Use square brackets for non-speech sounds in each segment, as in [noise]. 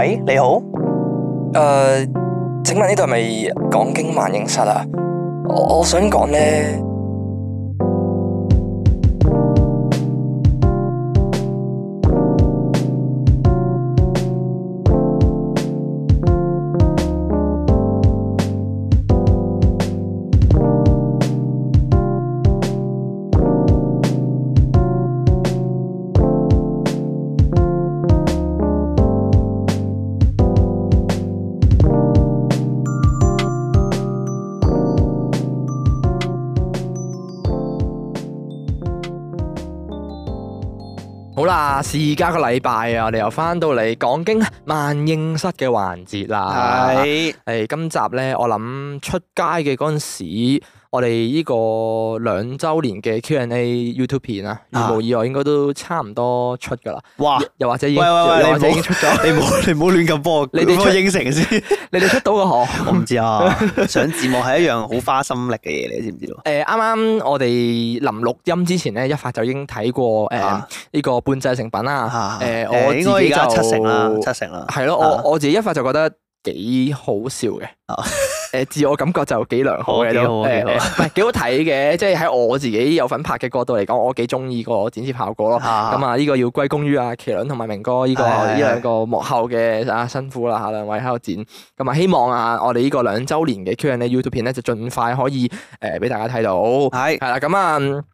喂，hey, 你好。誒、uh，請問呢度係咪講經萬應室啊？我我想講呢。時家個禮拜啊，我哋又翻到嚟講經萬應室嘅環節啦。係、哎，誒、哎、今集呢，我諗出街嘅嗰陣時，我哋呢個兩周年嘅 Q&A YouTube 片啊，無意外應該都差唔多出噶啦。哇！又或者已經，又或者已經出咗。你唔好，你唔好亂咁幫我，你哋我應承先。你哋出到個嗬？我唔知啊。上字幕係一樣好花心力嘅嘢，你知唔知誒，啱啱我哋臨錄音之前咧，一發就已經睇過誒呢個半製成品啦。誒，應該而家七成啦，七成啦。係咯，我我自己一發就覺得幾好笑嘅。誒，自我感覺就幾良好嘅都，誒， [laughs] 唔係幾好睇嘅，即係喺我自己有份拍嘅角度嚟講，我幾中意個展示效果咯。咁啊，呢個要歸功於阿麒麟同埋明哥呢、這個呢兩個幕後嘅啊辛苦啦，吓兩位喺度展咁啊，希望啊，我哋呢個兩周年嘅 Q&A YouTube 片咧，就盡快可以誒俾、呃、大家睇到。係是，係啦，咁啊。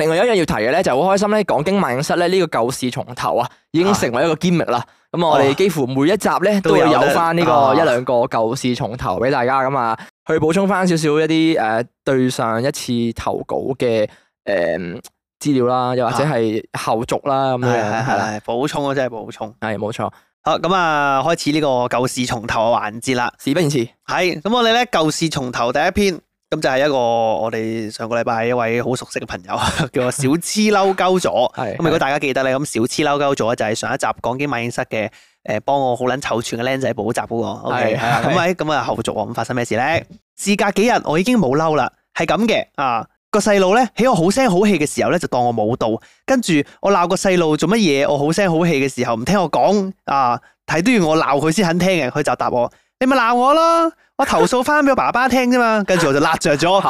另外一樣要提嘅咧，就好開心咧，講經萬應室咧呢個舊事重投啊，已經成為一個揭秘啦。咁我哋幾乎每一集咧，哦、都會有翻呢個一兩個舊事重投俾大家咁啊，去補充翻少少一啲誒，對上一次投稿嘅誒資料啦，又或者係後續啦咁啊，係係係補充啊，真係補充。係冇錯。好，咁啊，開始呢個舊事重投嘅環節啦。事不宜遲，係，咁我哋咧舊事重投第一篇。咁就係一個我哋上個禮拜一位好熟悉嘅朋友，叫我小痴嬲鳩咗。咁如果大家記得咧，咁小痴嬲鳩咗就係上一集講經萬應室嘅誒，幫我好撚臭串嘅僆仔補習嗰個。Okay。咁喺咁啊後續，咁發生咩事咧？事 [music] 隔幾日，我已經冇嬲啦，係咁嘅啊！個細路咧，喺我好聲好氣嘅時候咧，就當我冇到，跟住我鬧個細路做乜嘢？我好聲好氣嘅時候唔聽我講啊，睇都要我鬧佢先肯聽嘅，佢就答我。你咪鬧我咯！我投訴翻俾我爸爸聽啫嘛，跟住我就辣着咗，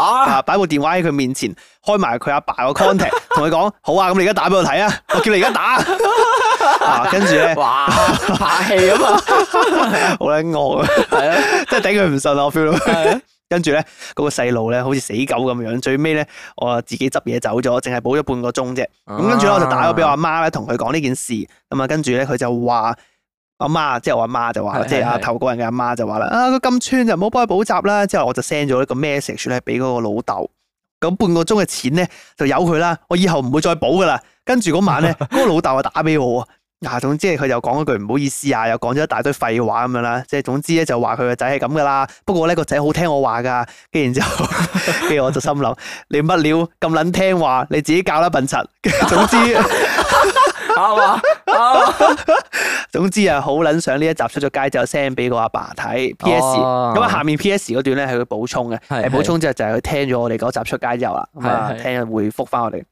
擺部、啊啊、電話喺佢面前，開埋佢阿爸個 contact，同佢講： [laughs] 好啊，咁你而家打俾我睇啊！我叫你而家打。跟住咧，呢哇，拍戲啊嘛，好撚惡啊，係啊的， [laughs] 真係頂佢唔順啊！我 feel 到是的。跟住咧，嗰、那個細路咧，好似死狗咁樣。最尾咧，我自己執嘢走咗，淨係補咗半個鐘啫。咁跟住我就打咗俾我阿媽咧，同佢講呢件事。咁啊，跟住咧，佢就話。阿媽，即係我阿媽就話是即係阿頭個人嘅阿媽就話啦，啊佢咁串就唔好幫佢補習啦，之後我就 send 咗呢個 message 咧俾嗰個老豆，咁半個鐘嘅錢咧就由佢啦，我以後唔會再補噶啦。跟住嗰晚咧，嗰個老豆話打俾我喎，嗱，總之佢又講咗句唔好意思啊，又講咗一大堆廢話咁樣啦，即係總之咧就話佢個仔係咁噶啦，不過咧個仔好聽我話噶，跟住然之後，跟 [laughs] 住我就心諗你乜料咁撚聽話，你自己教啦笨柒，總之。 [laughs] 啱啊！ [laughs] 總之啊，好捻想呢一集出咗街之後，send 俾個阿爸睇。P.S. 咁啊，下面 P.S. 嗰段咧係佢補充嘅，誒，補充之後就係佢聽咗我哋嗰集出街之後啦。咁啊，聽日是回覆翻我哋。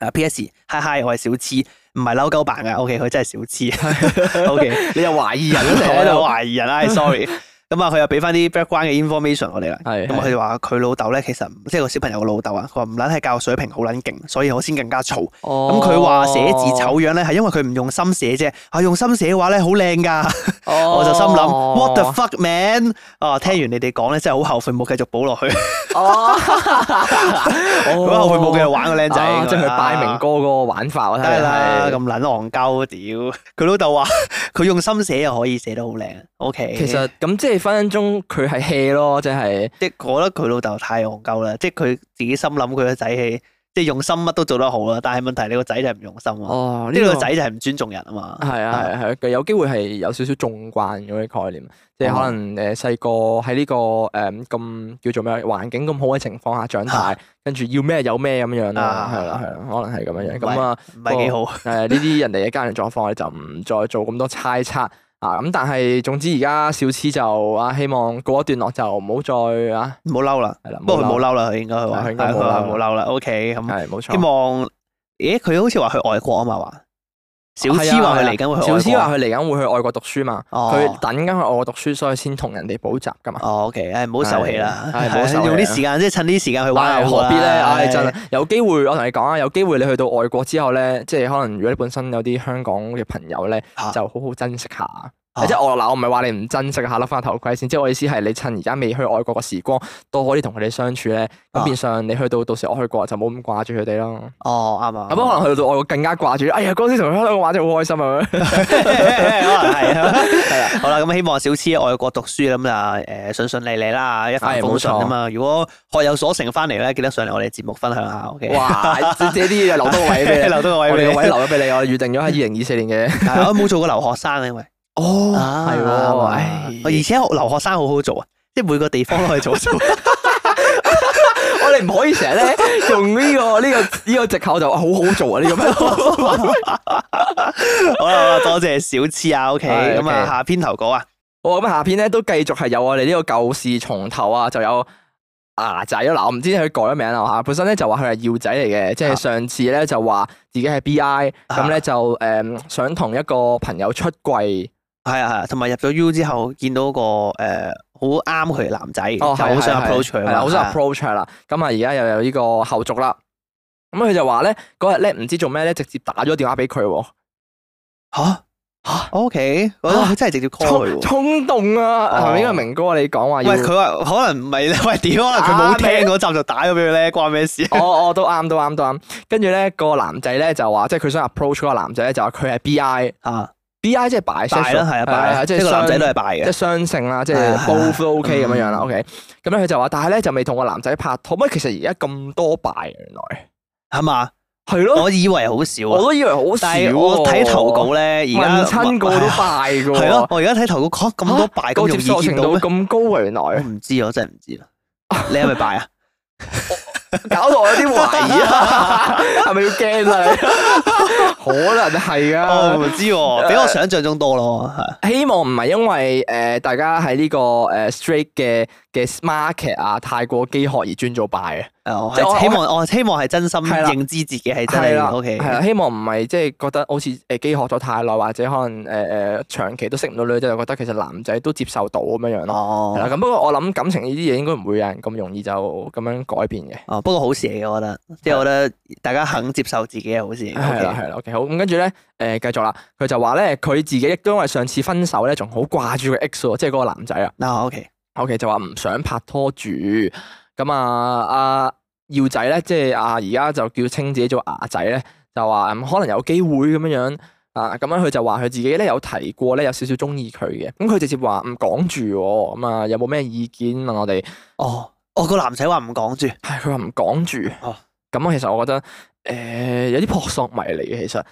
啊，P.S. 嗨嗨，我係小痴，唔係嬲鳩扮嘅。O.K. 佢真係小痴。 [laughs] [laughs] O.K. 你又懷疑人， [laughs] 我就懷疑人。I [laughs] [laughs] sorry。咁啊，佢又俾翻啲 background 嘅 information 我哋啦。咁佢話佢老豆咧，其實即係個小朋友嘅老豆啊，佢話唔撚係教育水平好撚勁，所以我先更加嘈。咁佢話寫字醜樣咧，係因為佢唔用心寫啫。啊，用心寫嘅話咧好靚噶。我就心諗 what the fuck man！啊，聽完你哋講咧，真係好後悔冇繼續補落去。好後悔冇繼續玩個僆仔，即係佢擺明哥嗰個玩法。我睇睇，咁撚戇鳩屌！佢老豆話佢用心寫又可以寫得好靚。OK，其實咁即係。分分鐘佢係 hea 咯，即係即係覺得佢老豆太憨鳩啦，即係佢自己心諗佢個仔 hea 即係用心乜都做得好啦。但係問題你個仔就係唔用心啊，呢、哦，這個仔就係唔尊重人啊嘛。係啊係係，佢、啊啊啊、有機會係有少少縱慣咁嘅概念，即係可能誒細、這個喺呢個誒咁叫做咩環境咁好嘅情況下長大，跟住 [laughs] 要咩有咩咁樣啦，係啦係啦，可能係咁樣咁啊，唔係幾好誒呢啲人哋嘅家庭狀況，我就唔再做咁多猜測。啊，咁但係，總之而家小痴就啊，希望過一段落就唔好再啊，唔好嬲啦，係啦，不過佢冇嬲啦，佢應該佢話佢應該佢冇嬲啦，OK，咁，係冇錯。希望，誒佢好似話去外國啊嘛，話。小痴話佢嚟緊會去小痴話佢嚟緊會去外國讀書嘛？佢、哦、等緊去外國讀書，所以先同人哋補習㗎嘛。哦，OK，誒、哎，唔好受氣啦，係用啲時間，即係趁啲時間去玩又、哎、何必咧？唉是，真係有機會，我同你講啊，有機會你去到外國之後咧，即係可能如果你本身有啲香港嘅朋友咧，就好好珍惜下。啊即係我嗱，我唔係話你唔珍惜下甩翻頭盔先，即係我意思係你趁而家未去外國嘅時光，都可以同佢哋相處咧。咁變相你去到到時我去過就冇咁掛住佢哋咯。哦，啱啊。咁可能去到外國更加掛住。哎呀，嗰時同香港玩真係好開心啊。 [laughs] 可能係係啦。好啦，咁希望小痴外國讀書咁啊，誒順順利利啦，一帆風順啊嘛。哎、如果學有所成翻嚟咧，記得上嚟我哋節目分享下。哇、okay？呢啲留多位俾你， [laughs] 留多個位。我哋個位留咗俾你，我預 [laughs] 定咗喺二零二四年嘅。但，我冇做過留學生因為。哦，係，唉，而且留學生好好做啊，即係每個地方都可以做做。 [laughs] [laughs] 我哋唔可以成日咧用呢、這個呢、這個呢個借口就話好好做啊呢、這個咩？ [laughs] [laughs] 好，好謝謝、okay? [laughs] 啊，多謝小痴啊，OK，咁啊下篇投稿啊，我咁下篇咧都繼續係有我哋呢個舊事重投啊，就有牙仔嗱，我唔知佢改咗名啦吓，本身咧就話佢係耀仔嚟嘅，即係上次咧就話自己係 B I，咁咧就誒、嗯、想同一個朋友出櫃。係啊係，同埋入咗 U 之後見到個誒好啱佢男仔，就好、哦、想 approach 啦，好想 approach 啦。咁啊而家又有呢個後續啦。咁佢就話咧嗰日咧唔知做咩咧，直接打咗電話俾佢。吓吓，O K，吓真係直接 call 佢，衝動啊！旁邊、啊、個明哥你講話喂，佢話可能唔係咧，喂屌，可能佢冇聽嗰集就打咗俾佢咧，什關咩心事、哦哦那個、啊？我我都啱，都啱，都啱。跟住咧個男仔咧就話，即係佢想 approach 個男仔咧，就話佢係 B I 啊。B I 即係敗，即係男仔都係敗嘅，即係雙性啦，即係 b o 都 OK 咁樣樣啦。OK，咁咧佢就話，但係咧就未同個男仔拍拖。咁其實而家咁多敗，原來係嘛？係咯，我以為好少我都以為好少。我睇投稿咧，而家，親個都敗噶。係咯，我而家睇投稿，咁多敗，咁容易見到咁高原來。唔知啊，真係唔知啦。你係咪敗啊？ [laughs] 搞到我有啲懷疑，係咪要驚啊？ [laughs] 可能係是啊、哦，我唔知、啊，比我想象中多咯。 [laughs] 希望唔係因為誒、呃，大家喺呢、這個誒，street 嘅嘅 market 啊，太過飢渴而專做 buy 啊。誒，希望我希望係真心認知自己係真嘅，O K，係啊，希望唔係即係覺得好似誒，飢渴咗太耐或者可能誒誒，長期都識唔到女仔，就覺得其實男仔都接受到咁樣樣咯。哦，咁不過我諗感情呢啲嘢應該唔會有人咁容易就咁樣改變嘅。哦，不過好事嚟嘅，我覺得，即係我覺得大家肯接受自己係好事。係啦，係啦，O K，好，咁跟住咧，誒，繼續啦，佢就話咧，佢自己亦都因為上次分手咧，仲好掛住個 X 喎，即係嗰個男仔啊。嗱，O K，O K，就話唔想拍拖住。咁、嗯、啊，阿耀仔咧，即係啊，而家就叫稱自己做牙仔咧，就話可能有機會咁樣樣啊，咁樣佢就話佢自己咧有提過咧，有少少中意佢嘅。咁佢直接話唔講住，咁、嗯、啊，有冇咩意見問我哋？哦，哦，個男仔話唔講住，係佢話唔講住。哦，咁啊、哦， [music] 其實我覺得誒有啲撲朔迷離嘅，其實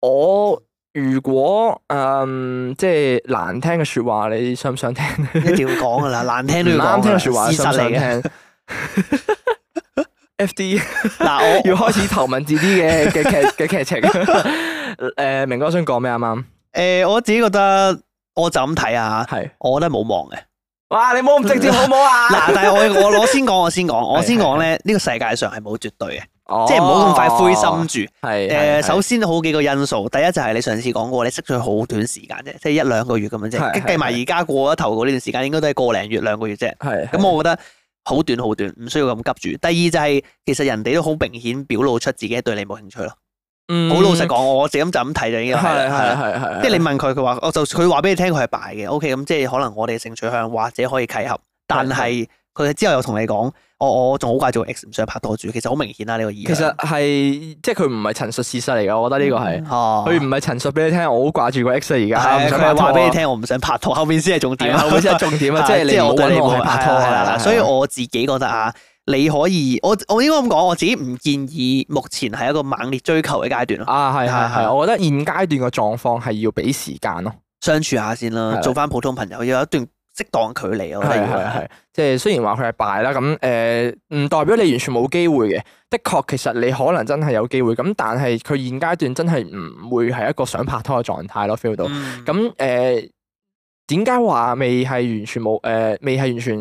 我。如果誒，即係難聽嘅說話，你想唔想聽？一定要講噶啦，難聽都要講。難聽說話，事實嚟嘅。F D 嗱，我要開始頭文字 D 嘅嘅劇嘅劇情。誒，明哥想講咩啊？啱。誒，我自己覺得，我就咁睇啊。係，我覺得冇望嘅。哇，你冇咁直接好唔好啊？嗱，但係我我我先講，我先講，我先講咧。呢個世界上係冇絕對嘅。即係唔好咁快灰心住。誒，首先好幾個因素，第一就係你上次講過，你識咗好短時間啫，即係一兩個月咁樣啫。計埋而家過咗頭嗰段時間，應該都係個零月兩個月啫。係。咁我覺得好短，好短，唔需要咁急住。第二就係，其實人哋都好明顯表露出自己對你冇興趣咯。嗯。好老實講，我自己咁就咁睇就已經係系係即係你問佢，佢話我就佢話俾你聽，佢係 bi 嘅。OK，咁即係可能我哋嘅性取向或者可以契合，但係佢之後又同你講。我我仲好掛住 X，唔想拍拖住，其實好明顯啦呢個意。其實係即係佢唔係陳述事實嚟㗎，我覺得呢個係，佢唔係陳述俾你聽，我好掛住個 X 而家，佢話俾你聽我唔想拍拖，後面先係重點啊，後面先係重點啊，即係你掛住唔拍拖啊，所以我自己覺得啊，你可以，我我應該咁講，我自己唔建議目前係一個猛烈追求嘅階段咯。啊係係係，我覺得現階段嘅狀況係要俾時間咯，相處下先啦，做翻普通朋友，有一段。適當距離，我覺得係係係，即係雖然話佢係敗啦，咁誒，唔、呃、代表你完全冇機會嘅。的確，其實你可能真係有機會，咁但係佢現階段真係唔會係一個想拍拖嘅狀態咯，feel 到。咁誒、嗯，點解話未係完全冇誒、呃，未係完全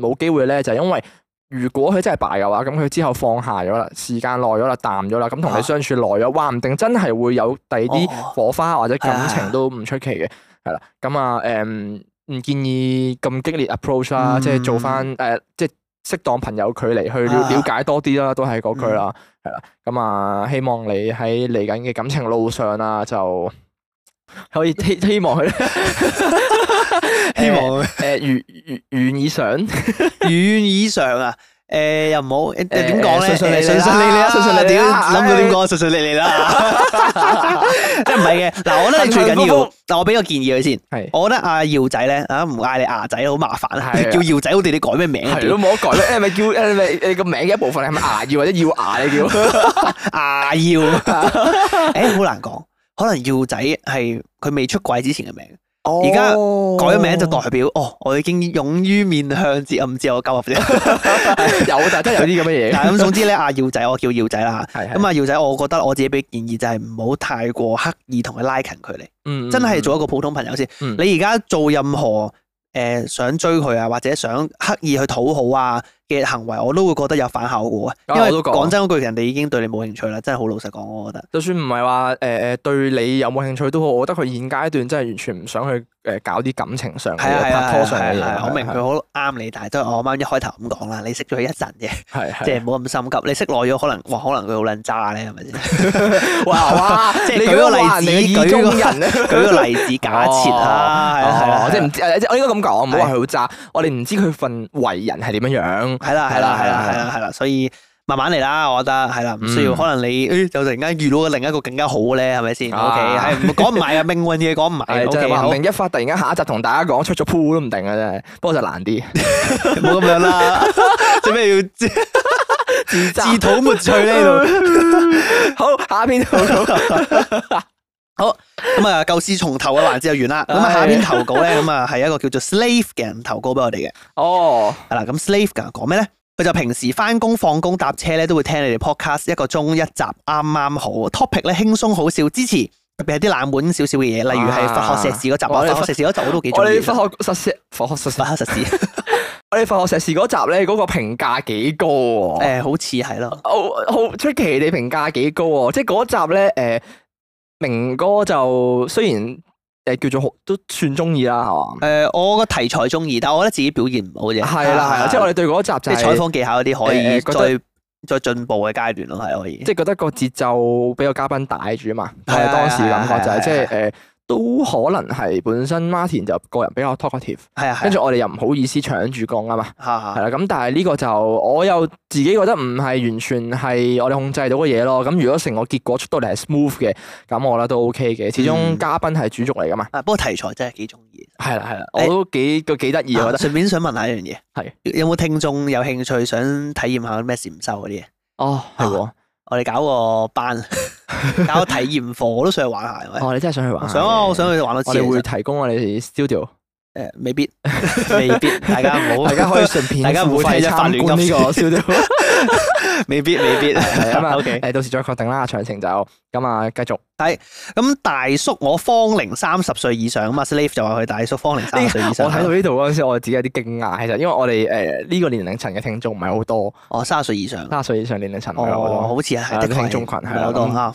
冇機會咧？就係、是、因為如果佢真係敗嘅話，咁佢之後放下咗啦，時間耐咗啦，淡咗啦，咁同你相處耐咗，話唔、啊、定真係會有第二啲火花或者感情都唔出奇嘅。係啦，咁啊，誒、啊。唔建議咁激烈 approach 啦、嗯呃，即係做翻誒，即係適當朋友距離去了、啊、了解多啲啦，都係嗰句啦，係啦、嗯。咁啊、嗯嗯，希望你喺嚟緊嘅感情路上啦、啊，就可以希 [laughs] 希望佢， [laughs] 希望誒如如願以償，如願以償 [laughs] 啊！誒，又唔好，點講咧？順順利利啦，點諗到點講？順順利利啦，即係唔係嘅。嗱，我覺得你最緊要，嗱，我俾個建議佢先。係，我覺得阿耀仔咧，啊，唔嗌你牙仔好麻煩，叫耀仔，好，哋你改咩名？係咯，冇得改咧。誒，咪叫，誒，你個名嘅一部分係咪牙耀或者耀牙你叫？牙耀，誒，好難講，可能耀仔係佢未出櫃之前嘅名。而家改咗名就代表，oh. 哦，我已經勇於面向接暗，唔知有冇交合？ [laughs] [laughs] 有，但真係有啲咁嘅嘢。咁 [laughs] 總之咧，阿耀仔，我叫耀仔啦。係係。咁啊，耀仔，我覺得我自己俾建議就係唔好太過刻意同佢拉近距離。嗯、mm hmm. 真係做一個普通朋友先。Mm hmm. 你而家做任何誒、呃、想追佢啊，或者想刻意去討好啊？嘅行為我都會覺得有反效果嘅，因為我都講講真嗰句，人哋已經對你冇興趣啦，真係好老實講，我覺得。就算唔係話誒誒對你有冇興趣都好，我覺得佢現階段真係完全唔想去。誒，搞啲感情上嘅拍拖上嘅嘢，我明佢好啱你，但係都係我啱一開頭咁講啦。你識咗佢一陣嘅，即係唔好咁心急。你識耐咗，可能哇，可能佢好撚渣咧，係咪先？哇哇！即係舉個例子，舉個例子，假設啊，係啦，即係唔知，我應該咁講，唔好話佢好渣。我哋唔知佢份為人係點樣樣，係啦，係啦，係啦，係啦，所以。慢慢嚟啦，我覺得係啦，唔需要。可能你就突然間遇到另一個更加好嘅咧，係咪先？O K，係講唔埋啊，命運嘢講唔埋。即係話明一發，突然間下一集同大家講出咗 pool 都唔定啊！真係，不過就難啲，冇咁樣啦。做咩要自自討沒趣呢度，好，下邊投稿。好，咁啊，舊事重投嘅環節就完啦。咁啊，下邊投稿咧，咁啊係一個叫做 slave 嘅人投稿俾我哋嘅。哦，係啦，咁 slave 講咩咧？就平時翻工、放工搭車咧，都會聽你哋 podcast 一個鐘一集剛剛，啱啱好 topic 咧輕鬆好笑，支持，特別係啲冷門少少嘅嘢，例如係化學石屎嗰集，我哋化學石屎嗰集我都幾中意。我哋化學石屎，化學石，化學石屎。我哋化學石屎嗰集咧，嗰個評價幾高啊！誒，好似係咯，好出奇，你評價幾高啊，哦！即係嗰集咧，誒、呃，明哥就雖然。誒，叫做好都算中意啦，係嘛？誒，我個題材中意，但係我覺得自己表現唔好啫。係啦，係啦，即係我哋對嗰一集，就是，啲採訪技巧嗰啲可以再，呃、再進步嘅階段咯，係可以。即係覺得個節奏俾個嘉賓帶住啊嘛，係 [noise] 當時感覺就係即係誒。都可能係本身 Martin 就個人比較 talkative，係啊，跟住我哋又唔好意思搶住講啊嘛，係啦、啊，咁、啊、但係呢個就我又自己覺得唔係完全係我哋控制到嘅嘢咯。咁如果成個結果出到嚟係 smooth 嘅，咁我覺得都 OK 嘅。始終嘉賓係主軸嚟噶嘛、嗯啊。不過題材真係幾中意。係啦係啦，我都幾幾得意，我覺得。順、啊、便想問一下一樣嘢，係、啊、有冇聽眾有興趣想體驗下咩禪修嗰啲嘢？哦，係我、啊。啊我哋搞個班，搞個體驗課，我都想去玩下，係 [laughs] 喂哦，你真係想去玩下？想啊，我想去玩多次。我哋會提供我哋 studio。 [laughs] 誒，未必，未必，大家唔好，大家可以順便，大家唔好睇一發亂咁笑點。未必，未必，係啊，O K，誒，到時再確定啦，詳情就咁啊，繼續係。咁大叔，我芳齡三十歲以上，咁啊，slave 就話佢大叔芳齡三十歲以上。我睇到呢度嗰陣時，我自己有啲驚訝，其實因為我哋誒呢個年齡層嘅聽眾唔係好多。哦，三十歲以上，三十歲以上年齡層，哦，好似係啲聽眾群係好多。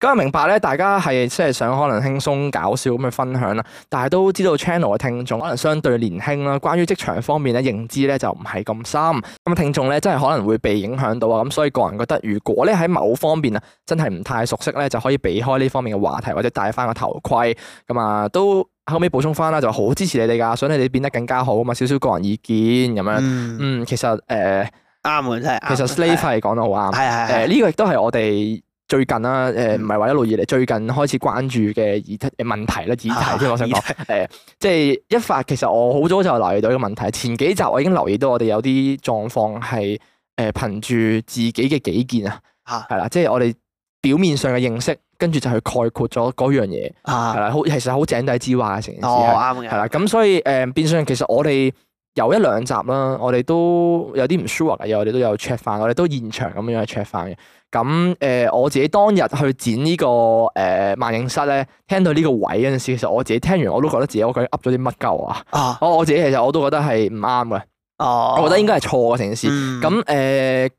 咁啊，明白咧，大家係即係想可能輕鬆搞笑咁去分享啦，但係都知道 channel 嘅聽眾可能相對年輕啦，關於職場方面咧認知咧就唔係咁深，咁啊聽眾咧真係可能會被影響到啊，咁所以個人覺得如果咧喺某方面啊真係唔太熟悉咧，就可以避開呢方面嘅話題，或者戴翻個頭盔，咁啊都後尾補充翻啦，就好支持你哋噶，想你哋變得更加好啊嘛，少少個人意見咁樣，嗯，嗯，其實誒啱嘅其實 Slave 係講得好啱，係係誒呢個亦都係我哋。最近啦，誒唔係話一路以嚟，最近開始關注嘅議題問題咧，議題添，我想講誒，即係一發，其實我好早就留意到一個問題，前幾集我已經留意到，我哋有啲狀況係誒、呃、憑住自己嘅己見啊，嚇係啦，即係我哋表面上嘅認識，跟住就去概括咗嗰樣嘢，係啦、啊，好其實好井底之蛙嘅成件事係啦，咁、哦嗯、所以誒、呃，變相其實我哋。有一兩集啦，我哋都有啲唔 sure 嘅嘢，我哋都有 check 翻，我哋都現場咁樣去 check 翻嘅。咁誒、呃，我自己當日去剪、這個呃、呢個誒慢影室萬應室咧，聽到呢個位嗰陣時，其實我自己聽完我都覺得自己我鬼噏咗啲乜鳩啊！啊，我我自己其實我都覺得係唔啱嘅，啊、我覺得應該係錯嘅成件事。咁誒、嗯。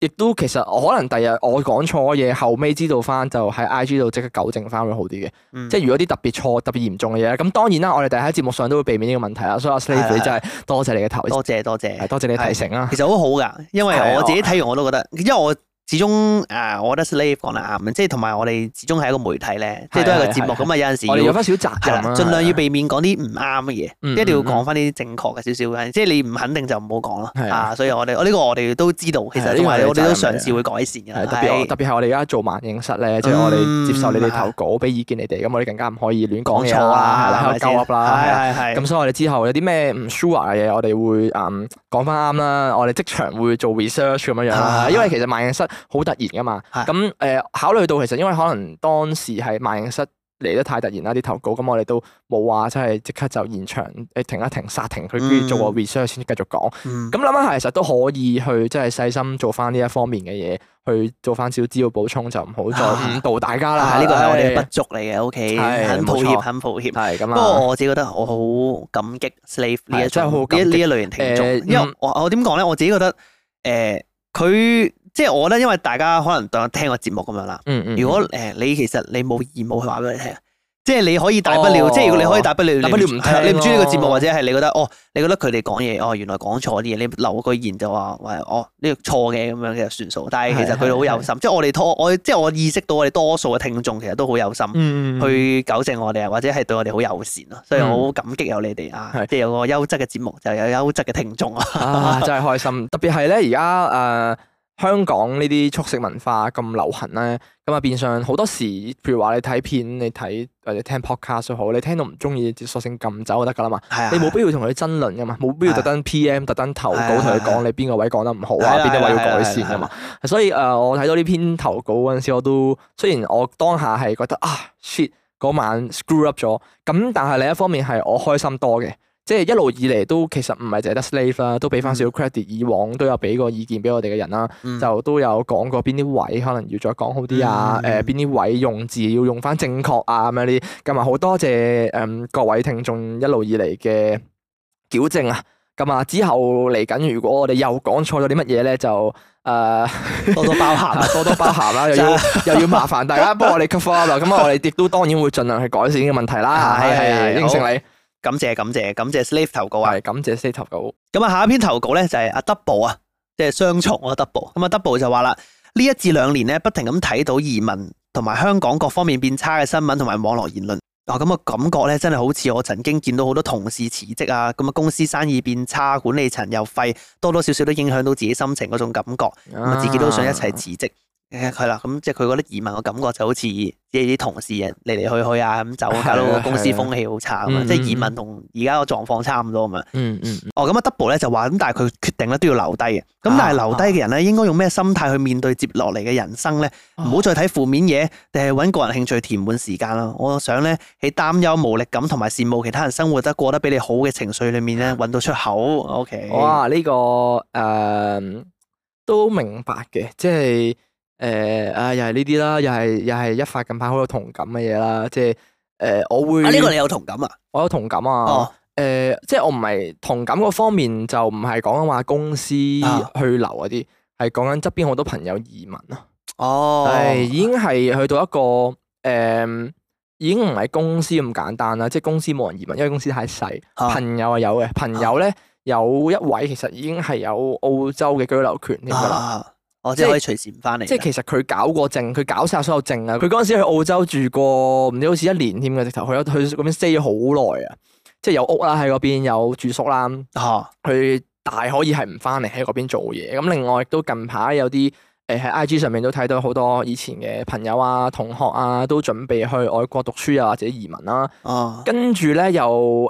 亦都其實可能第日我講錯嘢，後尾知道翻就喺 IG 度即刻糾正翻會好啲嘅。嗯、即係如果啲特別錯特別嚴重嘅嘢，咁當然啦，我哋第日喺節目上都會避免呢個問題啦。所以阿 Slave 真係多謝，謝你嘅提多謝多謝，多謝，多謝你提醒啦。其實好好噶，因為我自己睇完我都覺得，因為我。始終誒，我覺得 Slave 講得啱，即係同埋我哋始終係一個媒體咧，即係都係個節目咁啊。有陣時我哋有翻少責任嘅，盡量要避免講啲唔啱嘅嘢，一定要講翻啲正確嘅少少。即係你唔肯定就唔好講咯，啊，所以我哋我呢個我哋都知道，其實因為我哋都嘗試會改善嘅。特別特別係我哋而家做萬應室咧，即係我哋接受你哋投稿，俾意見你哋，咁我哋更加唔可以亂講嘢啦，啦，係係係。咁所以我哋之後有啲咩唔 sure 嘅嘢，我哋會誒講翻啱啦。我哋即場會做 research 咁樣樣，因為其實萬應室，好突然噶嘛，咁誒考慮到其實因為可能當時係萬應室嚟得太突然啦啲投稿，咁我哋都冇話即係即刻就現場誒停一停、煞停，佢跟住做個 research 先繼續講。咁諗下，嗯、其實都可以去即係細心做翻呢一方面嘅嘢，去做翻少少資料補充，就唔好再誤導大家啦。呢個係我哋不足嚟嘅，OK，很的抱歉，很抱歉。係咁的不過我自己覺得我好感激 Slave 呢一種呢一類型聽眾，因為我我點講咧？我自己覺得誒佢。呃即係我覺得，因為大家可能當我聽個節目咁樣啦。如果誒你其實你冇義務去話俾你聽，即係你可以大不了，即係如果你可以大不了，大不了唔聽，你唔中意呢個節目或者係你覺得哦，你覺得佢哋講嘢哦，原來講錯啲嘢，你留個言就話喂哦呢個錯嘅，咁樣嘅算數。但係其實佢哋好有心，即係我哋多我即係我意識到我哋多數嘅聽眾其實都好有心，去糾正我哋或者係對我哋好友善咯。所以好感激有你哋啊，即係有個優質嘅節目就有優質嘅聽眾啊，真係開心。特別係咧而家誒。香港呢啲速食文化咁流行咧，咁啊變相好多時，譬如話你睇片，你睇或者聽 podcast 都好，你聽到唔中意，索性撳走就得噶啦嘛。哎、呀 你冇必要同佢爭論噶嘛，冇、哎、呀 必要特登 PM、特登投稿同佢講你邊個位講得唔好啊，邊啲、哎、呀 位，哎、呀 個位要改善噶嘛。所以誒，我睇到呢篇投稿嗰陣時，我都雖然我當下係覺得啊 shit 嗰晚 screw up 咗，咁但係另一方面係我開心多嘅。即係一路以嚟都其實唔係淨係得 Slave 啦，都俾翻少少 credit。以往都有俾個意見俾我哋嘅人啦，就都有講過邊啲位可能要再講好啲啊，誒邊啲位用字要用翻正確啊咁樣啲。咁啊好多謝誒各位聽眾一路以嚟嘅矯正啊。咁啊之後嚟緊如果我哋又講錯咗啲乜嘢咧，就誒多多包涵，多多包涵啦，又要又要麻煩大家幫我哋 cover，咁啊我哋亦都當然會盡量去改善呢個問題啦。係係係，應承你。感謝感謝、啊、感謝 slave 投稿，係感謝 slave 投稿。咁啊，下一篇投稿咧就係阿 double 啊，即係雙重啊 double。咁啊 double 就話啦，呢一至兩年咧，不停咁睇到移民同埋香港各方面變差嘅新聞，同埋網絡言論。啊、哦，咁、嗰個感覺咧，真係好似我曾經見到好多同事辭職啊，咁啊公司生意變差，管理層又廢，多多少少都影響到自己心情嗰種感覺。咁啊，自己都想一齊辭職。啊係啦，咁即係佢嗰啲移民嘅感覺就好似即係啲同事人嚟嚟去去啊，咁就搞到個公司風氣好差咁啊！即係移民同而家個狀況差唔多咁嘛的、嗯。嗯嗯。哦，咁啊，Double 咧就話咁，但係佢決定咧都要留低嘅。咁但係留低嘅人咧，應該用咩心態去面對接落嚟嘅人生咧？唔好、啊啊、再睇負面嘢，定係搵個人興趣填滿時間咯。我想咧喺擔憂無力感同埋羨慕其他人生活得過得比你好嘅情緒裏面咧，搵到出口。O、okay、K。哇，呢、這個誒、嗯、都明白嘅，即係。誒，啊、呃，又係呢啲啦，又係又係一發近排好有同感嘅嘢啦，即係誒、呃，我會呢、啊這個你有同感啊，我有同感啊，誒、啊呃，即係我唔係同感個方面，就唔係講緊話公司去留嗰啲，係講緊側邊好多朋友移民啊，哦，已經係去到一個誒、嗯，已經唔係公司咁簡單啦，即係公司冇人移民，因為公司太細、啊，朋友係有嘅，朋友咧有一位其實已經係有澳洲嘅居留權添㗎喇。啊啊哦，即，即可以隨時唔翻嚟。即係其實佢搞過證，佢搞晒所有證啊！佢嗰陣時去澳洲住過，唔知好似一年添嘅，直頭去去嗰邊 stay 咗好耐啊！即係有屋啦喺嗰邊，有住宿啦，嚇、啊，佢大可以係唔翻嚟喺嗰邊做嘢。咁另外亦都近排有啲。誒喺 IG 上面都睇到好多以前嘅朋友啊、同學啊都準備去外國讀書啊，或者移民啦、啊。跟住咧又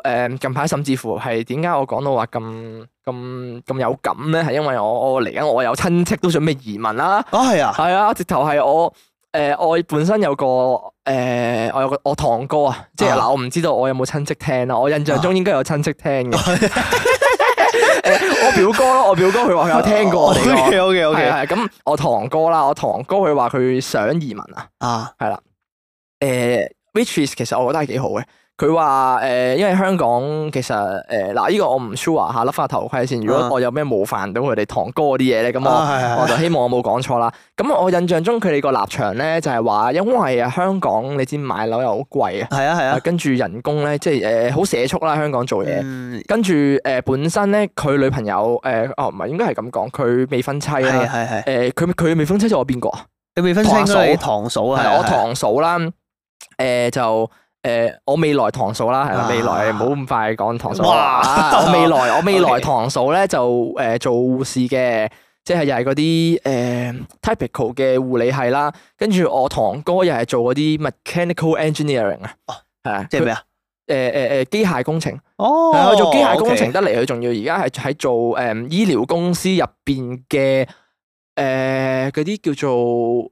誒近排甚至乎係點解我講到話咁咁咁有感咧？係因為我嚟緊我，我有親戚都想咩移民啦。係啊，係啊，啊啊直頭係我誒、呃、我本身有個誒、呃、我有個我堂哥啊，即係嗱我唔知道我有冇親戚聽啊，我印象中應該有親戚聽嘅。啊 [laughs] 表哥咯，我表哥佢話佢有聽過我哋喎，係咁，okay, okay, okay，我堂哥啦，我堂哥佢話佢想移民啊，啊，係啦，誒，Which is 其實我覺得係幾好嘅。佢話誒，因為香港其實誒，嗱呢個我唔 sure 下，甩翻頭盔先。如果我有咩冒犯到佢哋堂哥嗰啲嘢咧，咁我我就希望我冇講錯啦。咁我印象中佢哋個立場咧，就係話因為香港你知買樓又好貴啊，係啊係啊，跟住人工咧即係誒好社畜啦，香港做嘢。跟住誒本身咧，佢女朋友誒，哦唔係，應該係咁講，佢未婚妻啦。誒，佢佢未婚妻就我邊個啊？佢未婚妻咧，我堂嫂啊，我堂嫂啦。誒，就。誒、呃，我未來堂嫂啦，係、啊、啦，未來唔好咁快講堂嫂。我未來，我未來堂嫂咧就誒、呃、做護士嘅，即係又係嗰啲誒、呃、typical 嘅護理系啦。跟住我堂哥又係做嗰啲 mechanical engineering 啊，係啊，即係咩啊？誒誒誒，機、呃呃呃、械工程。哦，但係、呃、做機械工程得嚟佢仲要，而家係喺做誒醫療公司入邊嘅誒嗰啲叫做。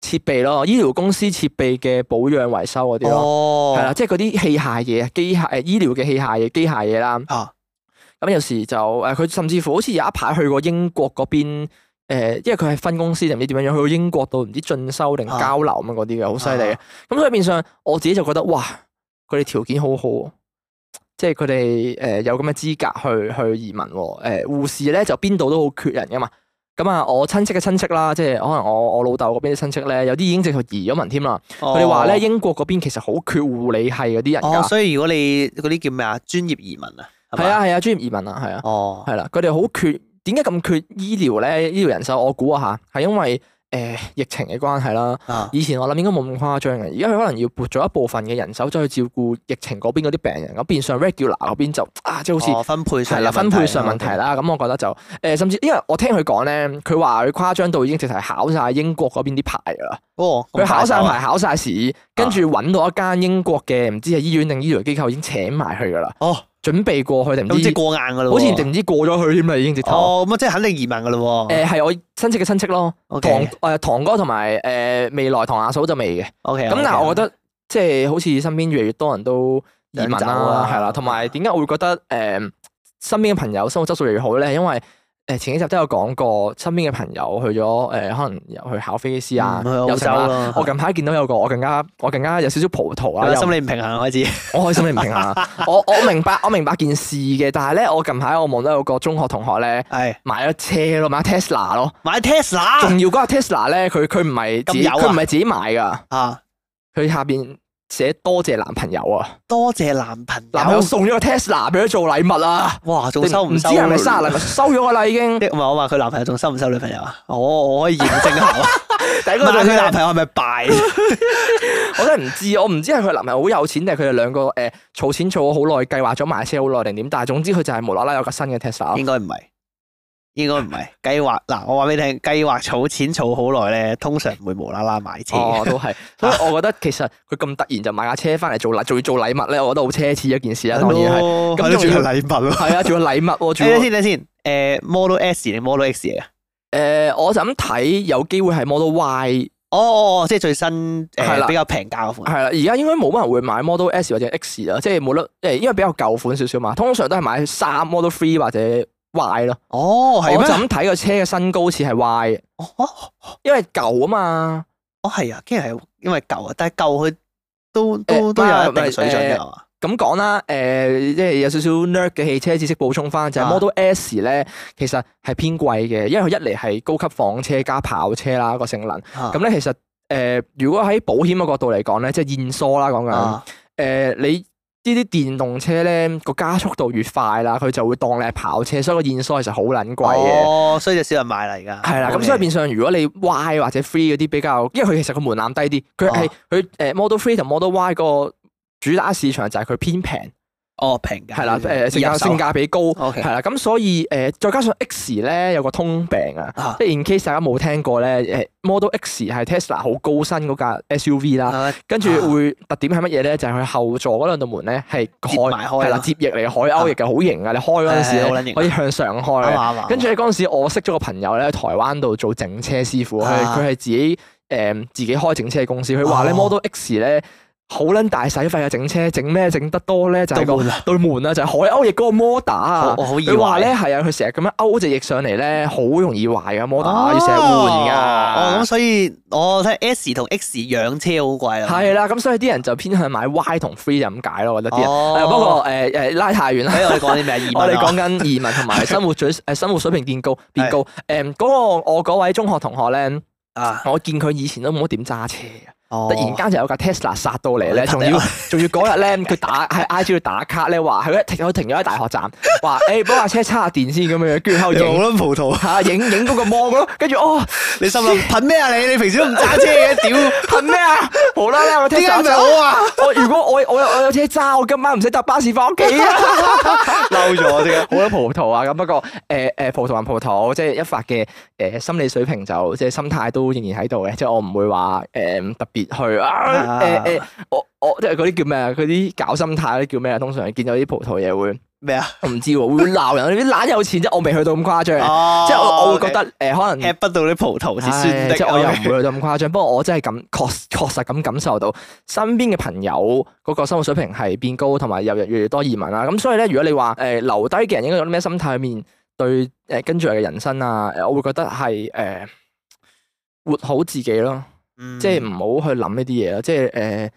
設備咯，醫療公司設備嘅保養維修嗰啲咯，係啦、哦，即係嗰啲器械嘢、機械誒醫療嘅器械嘢、機械嘢啦。咁、啊、有時就誒，佢甚至乎好似有一排去過英國嗰邊，誒、呃，因為佢係分公司定唔知點樣樣，去到英國度唔知進修定交流啊嘛，嗰啲嘅好犀利。咁所以變相，我自己就覺得哇，佢哋條件好好，即係佢哋誒有咁嘅資格去去移民。誒、呃，護士咧就邊度都好缺人噶嘛。咁啊，我親戚嘅親戚啦，即係可能我我老豆嗰邊啲親戚咧，有啲已經正式移咗民添啦。佢哋話咧，英國嗰邊其實好缺護理係嗰啲人噶、哦。所以如果你嗰啲叫咩啊？啊，專業移民啊，係啊係啊，專業移民啊，係啊。哦，係啦，佢哋好缺，點解咁缺醫療咧？醫療人手，我估下，嚇，係因為。誒、呃，疫情嘅關係啦，啊、以前我諗應該冇咁誇張嘅，而家佢可能要撥咗一部分嘅人手走去照顧疫情嗰邊嗰啲病人，咁變相 regular 嗰邊就啊，即係好似、哦、分配上問題啦分配上問題啦，咁我覺得就誒，嗯、甚至因為我聽佢講咧，佢話佢誇張到已經直頭考晒英國嗰邊啲牌噶啦，佢、哦、考晒牌考晒試，跟住搵到一間英國嘅唔知係醫院定醫療機構已經請埋去噶啦。啊準備過去定唔知，嗯、過硬噶咯好似定唔知過咗去添啦，已經直頭。哦、咁、嗯、啊，即係肯定移民噶啦。誒、呃，係我親戚嘅親戚咯，堂誒堂哥同埋誒未來堂阿嫂就未嘅。OK，咁但係我覺得即係好似身邊越嚟越多人都移民啦，係啦，啊，同埋點解我會覺得誒、呃、身邊嘅朋友生活質素越嚟越好咧？因為誒，前幾集都有講過，身邊嘅朋友去咗誒、呃，可能又去考飛機師啊，有時候，啊啊嗯、我近排見到有個我更加我更加有少少葡萄啦、啊，心理唔平衡、啊、開始。我開心你唔平衡、啊， [laughs] 我我明白我明白件事嘅，但係咧我近排我望到有個中學同學咧是，買咗車咯，買 Tesla 咯，買 Tesla。仲要嗰個 Tesla 咧，佢佢唔係佢唔係自己買噶，佢 [laughs] 下邊。寫多謝，謝男朋友啊！多謝男朋友，男朋友送咗個 Tesla 俾佢做禮物啊，啊！哇，仲收唔知係咪生日禮物？收咗啦已經了了。 [laughs] 我話佢男朋友仲收唔收女朋友啊？哦、oh,，我可以驗證下。第一個問佢男朋友係咪敗？我真係唔知，我唔知係佢男朋友好有錢定係佢哋兩個誒，儲、呃、錢儲咗好耐，計劃咗買了車好耐定點？但係總之佢就係無啦啦有架新嘅 Tesla、啊。應該唔係。應該唔係計劃嗱，我話俾你聽，計劃儲錢儲好耐咧，通常唔會無啦啦買車、哦。我都係，所以 [laughs] 我覺得其實佢咁突然就買架車翻嚟做禮，做要做禮物咧，我覺得好奢侈一件事啦，當然係。咁你仲要禮物咯，係啊的，仲要禮物。睇下先，睇先。誒、 [laughs] 呃、，Model S 定 Model X 啊？誒，我諗睇有機會係 Model Y 哦。哦即係最新誒，呃、了比較平價款。係啦，而家應該冇乜人會買 Model S 或者 X 啊，即係冇得，誒，因為比較舊款少少嘛。通常都係買三 Model Three 或者。壞咯，壞哦，我就咁睇個車嘅身高似係壞，哦，因為舊啊嘛，哦係啊，跟住係因為舊啊，但係舊佢都都、呃呃、都有一定水準嘅，咁講啦，誒、呃，即係、呃、有少少 nerd 嘅汽車知識補充翻，就係、是、Model S 咧，其實係偏貴嘅，因為佢一嚟係高級房車加跑車啦個性能，咁咧、呃呃呃、其實誒、呃，如果喺保險嘅角度嚟講咧，即係現疏啦講緊，誒、呃，你、呃。呃呃呢啲電動車咧，個加速度越快啦，佢就會當你係跑車，所以個現銷其實好撚貴嘅。哦，所以就少人買嚟㗎。係啦了，咁所以變相如果你 Y 或者 Free 嗰啲比較，因為佢其實個門檻低啲，佢係佢誒 Model 3同 Model Y 個主打市場就係佢偏平。哦，平嘅係啦，誒性價性價比高，係啦，咁所以誒，再加上 X 咧有個通病啊，即係 in case 大家冇聽過咧，誒 Model X 係 Tesla 好高身嗰架 SUV 啦，跟住會特點係乜嘢咧？就係佢後座嗰兩道門咧係海，係啦，接翼嚟嘅海鷗翼嘅，好型啊！你開嗰陣時可以向上開，跟住咧嗰陣時我識咗個朋友咧，台灣度做整車師傅，佢佢係自己誒自己開整車公司，佢話咧 Model X 咧。好撚大使費啊！整車整咩？整得多咧就係、是、個對門、就是哦、啊，就係海鷗翼嗰個摩打啊。佢話咧係啊，佢成日咁樣勾隻翼上嚟咧，好容易壞啊摩打要成日換噶。哦，咁所以我睇 S 同 X 養車好貴啦。係啦，咁所以啲人就偏向買 Y 同 Free 就咁解咯、哦呃欸。我覺得啲。哦、啊。不過誒誒拉太遠啦，喺度你講啲咩移民？你講緊移民同埋生活水誒生活水平變高 [laughs] 變高。誒、呃，嗰、那個我嗰位中學同學咧，啊、我見佢以前都冇乜點揸車啊。突然間就有架 Tesla 殺到嚟咧，仲、哦、要仲 [laughs] 要嗰日咧，佢打喺 I G 度打卡咧，話係停咗停咗喺大學站，話誒，幫、欸、架車插下電先咁樣樣，然後影啦葡萄吓，影影嗰個 mon 跟住，哦，你心諗噴咩啊你？你平時都唔揸車嘅，屌噴咩啊？好啦，你我冇站到啊？我如果我我有我有車揸，我今晚唔使搭巴士翻屋企啊！嬲咗先，好多葡萄啊咁，不過誒誒、呃，葡萄還葡萄，即係一發嘅誒、呃、心理水平就即係心態都仍然喺度嘅，即係我唔會話誒、呃、特別。去啊！誒誒、啊欸欸，我我即係嗰啲叫咩啊？嗰啲搞心態嗰啲叫咩啊？通常見到啲葡萄嘢會咩啊？唔知會會鬧人，啲懶 [laughs] 有錢即我未去到咁誇張，哦、即係我我會覺得誒，可能吃不到啲葡萄先。唉即我又唔會去到咁誇張。Okay, 不過我真係感確確實咁感受到身邊嘅朋友嗰個生活水平係變高，同埋又越嚟越多移民啦。咁所以咧，如果你話誒、呃、留低嘅人應該有啲咩心態面對誒、呃、跟住嘅人生啊、呃？我會覺得係誒、呃、活好自己咯。嗯、即係唔好去諗呢啲嘢啦，即係誒、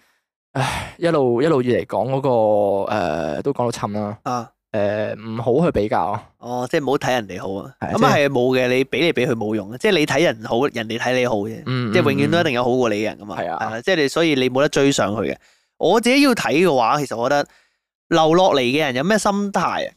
呃，一路一路以嚟講嗰個誒、呃，都講到沉啦。啊，誒、呃，唔好去比較哦。哦，即係唔好睇人哋好啊。咁啊係冇嘅，你俾嚟俾佢冇用嘅，即係你睇人好人哋睇你好嘅，嗯、即係永遠都一定有好過你嘅人噶嘛。係、嗯、啊，即係你所以你冇得追上去嘅。我自己要睇嘅話，其實我覺得留落嚟嘅人有咩心態啊？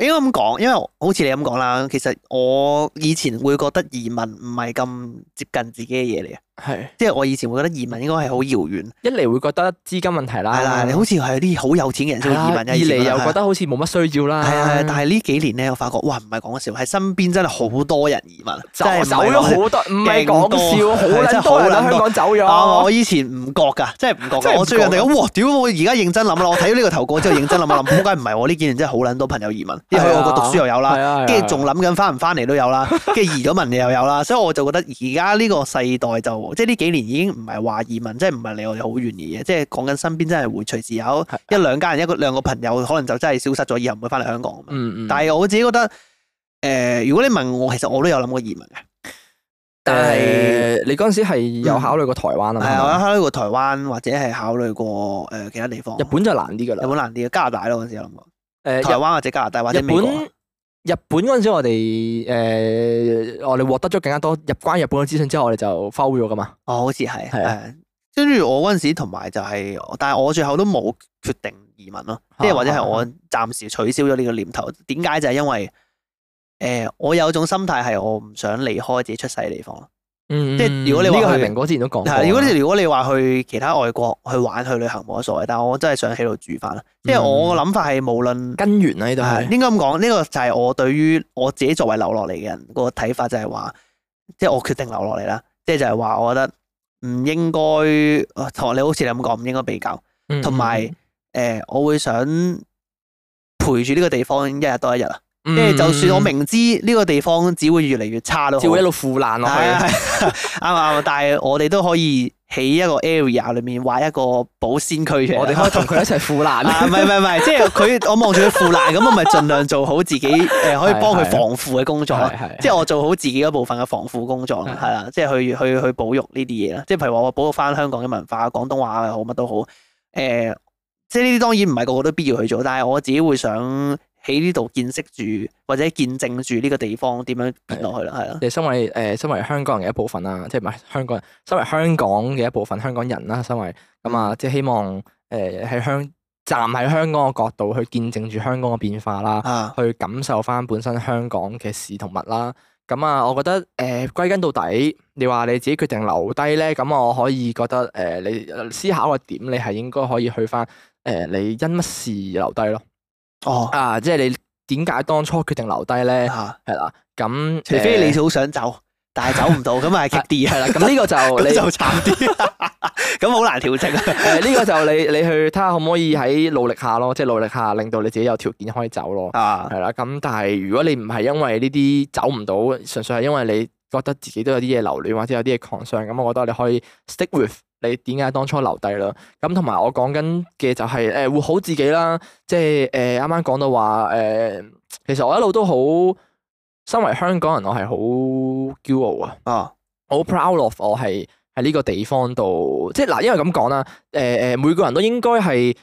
應該咁講，因為好似你咁講啦，其實我以前會覺得移民唔係咁接近自己嘅嘢嚟啊。係，即係我以前會覺得移民應該係好遙遠，一嚟會覺得資金問題啦，係啦，好似係啲好有錢嘅人先會移民啫。二嚟又覺得好似冇乜需要啦。係，但係呢幾年咧，我發覺哇，唔係講笑，喺身邊真係好多人移民，走咗好多，唔係講笑，好卵多人喺香港走咗。我以前唔覺噶，即係唔覺，我雖然人哋哇，屌，我而家認真諗啦，我睇到呢個投稿之後認真諗下諗，點解唔係？我呢幾年真係好卵多朋友移民，因喺外國讀書又有啦，跟住仲諗緊翻唔翻嚟都有啦，跟住移咗民嘅又有啦，所以我就覺得而家呢個世代就。即係呢幾年已經唔係話移民，即係唔係離我哋好遠嘅嘢，即係講緊身邊，真係會隨時有一兩家人是的 一個兩個朋友，可能就真係消失咗，以後唔會翻嚟香港。嗯嗯。但係我自己覺得，誒、呃，如果你問我，其實我都有諗過移民嘅。呃、但係你嗰陣時係有考慮過台灣啊？係啊、嗯，考慮過台灣，或者係考慮過誒、呃、其他地方。日本就難啲噶啦，日本難啲，加拿大咯嗰陣時有諗過。誒，台灣或者加拿大或者美國。日本。日本嗰陣時我、呃，我哋誒，我哋獲得咗更加多入關日本嘅資訊之後，我哋就 fail 咗噶嘛。哦，好似係係。跟住的、嗯、我嗰陣時，同埋就係、是，但係我最後都冇決定移民咯，即係或者係我暫時取消咗呢個念頭。點解就係、是、因為誒、呃，我有種心態係我唔想離開自己出世嘅地方。嗯、即係如果你呢個係明哥之前都講，如果你如果你話去其他外國去玩去旅行冇乜所謂，但係我真係想喺度住返啦。嗯、即係我嘅諗法係無論根源啊呢度係應該咁講，呢、這個就係我對於我自己作為留落嚟嘅人個睇法就係話，即、就、係、是、我決定留落嚟啦。即係就係、是、話我覺得唔應該，同你好似你咁講唔應該比較，同埋誒，我會想陪住呢個地方一日多一日啊。即係，嗯、就算我明知呢、呢個地方只會越嚟越差咯，只會一路腐爛落去。啱啱、嗯嗯、 [laughs] 但係我哋都可以喺一個 area 裏面畫一個保鮮區嘅、就是。我哋可以同佢一齊腐爛啊！唔係唔係唔係，即係佢我望住佢腐爛咁，我咪盡量做好自己誒、呃，可以幫佢防腐嘅工作。即係 [laughs] 我做好自己一部分嘅防腐工作啦，係啦， [laughs] 即係去去去，去保育呢啲嘢啦。即係譬如話，我保育翻香港嘅文化、廣東話又好，乜都好。誒、呃，即係呢啲當然唔係個個都必要去做，但係我自己會想。喺呢度見識住或者見證住呢個地方點樣落去啦，係啦。你身為誒、呃、身為香港人嘅一部分啦，即係唔係香港人？身為、嗯嗯呃、香港嘅一部分香港人啦，身為咁啊，即係希望誒喺香站喺香港嘅角度去見證住香港嘅變化啦，啊、去感受翻本身香港嘅事同物啦。咁、嗯、啊，我覺得誒、呃、歸根到底，你話你自己決定留低咧，咁我可以覺得誒、呃、你思考個點，你係應該可以去翻誒、呃、你因乜事而留低咯。哦，啊，即係你點解當初決定留低咧？吓係啦，咁除非你好想走，但係走唔到，咁咪激啲係啦。咁呢個就你就慘啲，咁好難調整啊。呢個就你你去睇下可唔可以喺努力下咯，即係努力下令到你自己有條件可以走咯。啊，係啦。咁但係如果你唔係因為呢啲走唔到，純粹係因為你覺得自己都有啲嘢留戀或者有啲嘢創傷，咁我覺得你可以 stick with。你點解當初留低啦？咁同埋我講緊嘅就係、是、誒，活好自己啦。即係誒，啱啱講到話誒、呃，其實我一路都好，身為香港人我，啊、我係好驕傲啊！啊，我好 proud of 我係喺呢個地方度。即係嗱，因為咁講啦，誒、呃、誒，每個人都應該係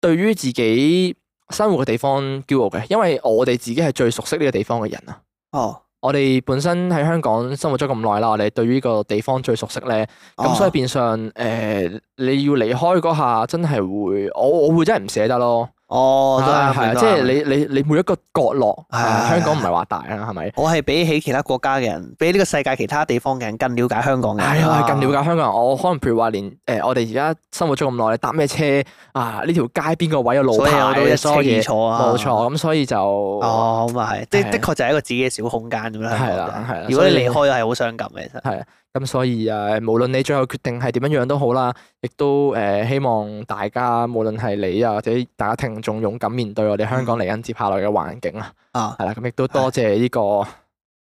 對於自己生活嘅地方驕傲嘅，因為我哋自己係最熟悉呢個地方嘅人啊！啊！我哋本身喺香港生活咗咁耐啦，我哋對於呢個地方最熟悉咧，咁、oh. 所以變相誒、呃、你要離開嗰下，真係會，我我會真係唔捨得咯。哦，都係係啊！即係你你你每一個角落，係香港唔係話大啊，係咪？我係比起其他國家嘅人，比呢個世界其他地方嘅人，更了解香港人。係啊，更了解香港人。我可能譬如話，連誒我哋而家生活中咁耐，搭咩車啊？呢條街邊個位有路牌，我都一窩嘢。冇錯，咁所以就哦咁啊，係即係的確就係一個自己嘅小空間咁樣。係啦，係啦。如果你離開咗，係好傷感嘅，其實。咁所以啊，無論你最後決定係點樣樣都好啦，亦都誒，希望大家無論係你啊，或者大家聽眾勇敢面對我哋香港嚟緊接下嚟嘅環境啊。啊，係啦，咁亦都多謝呢個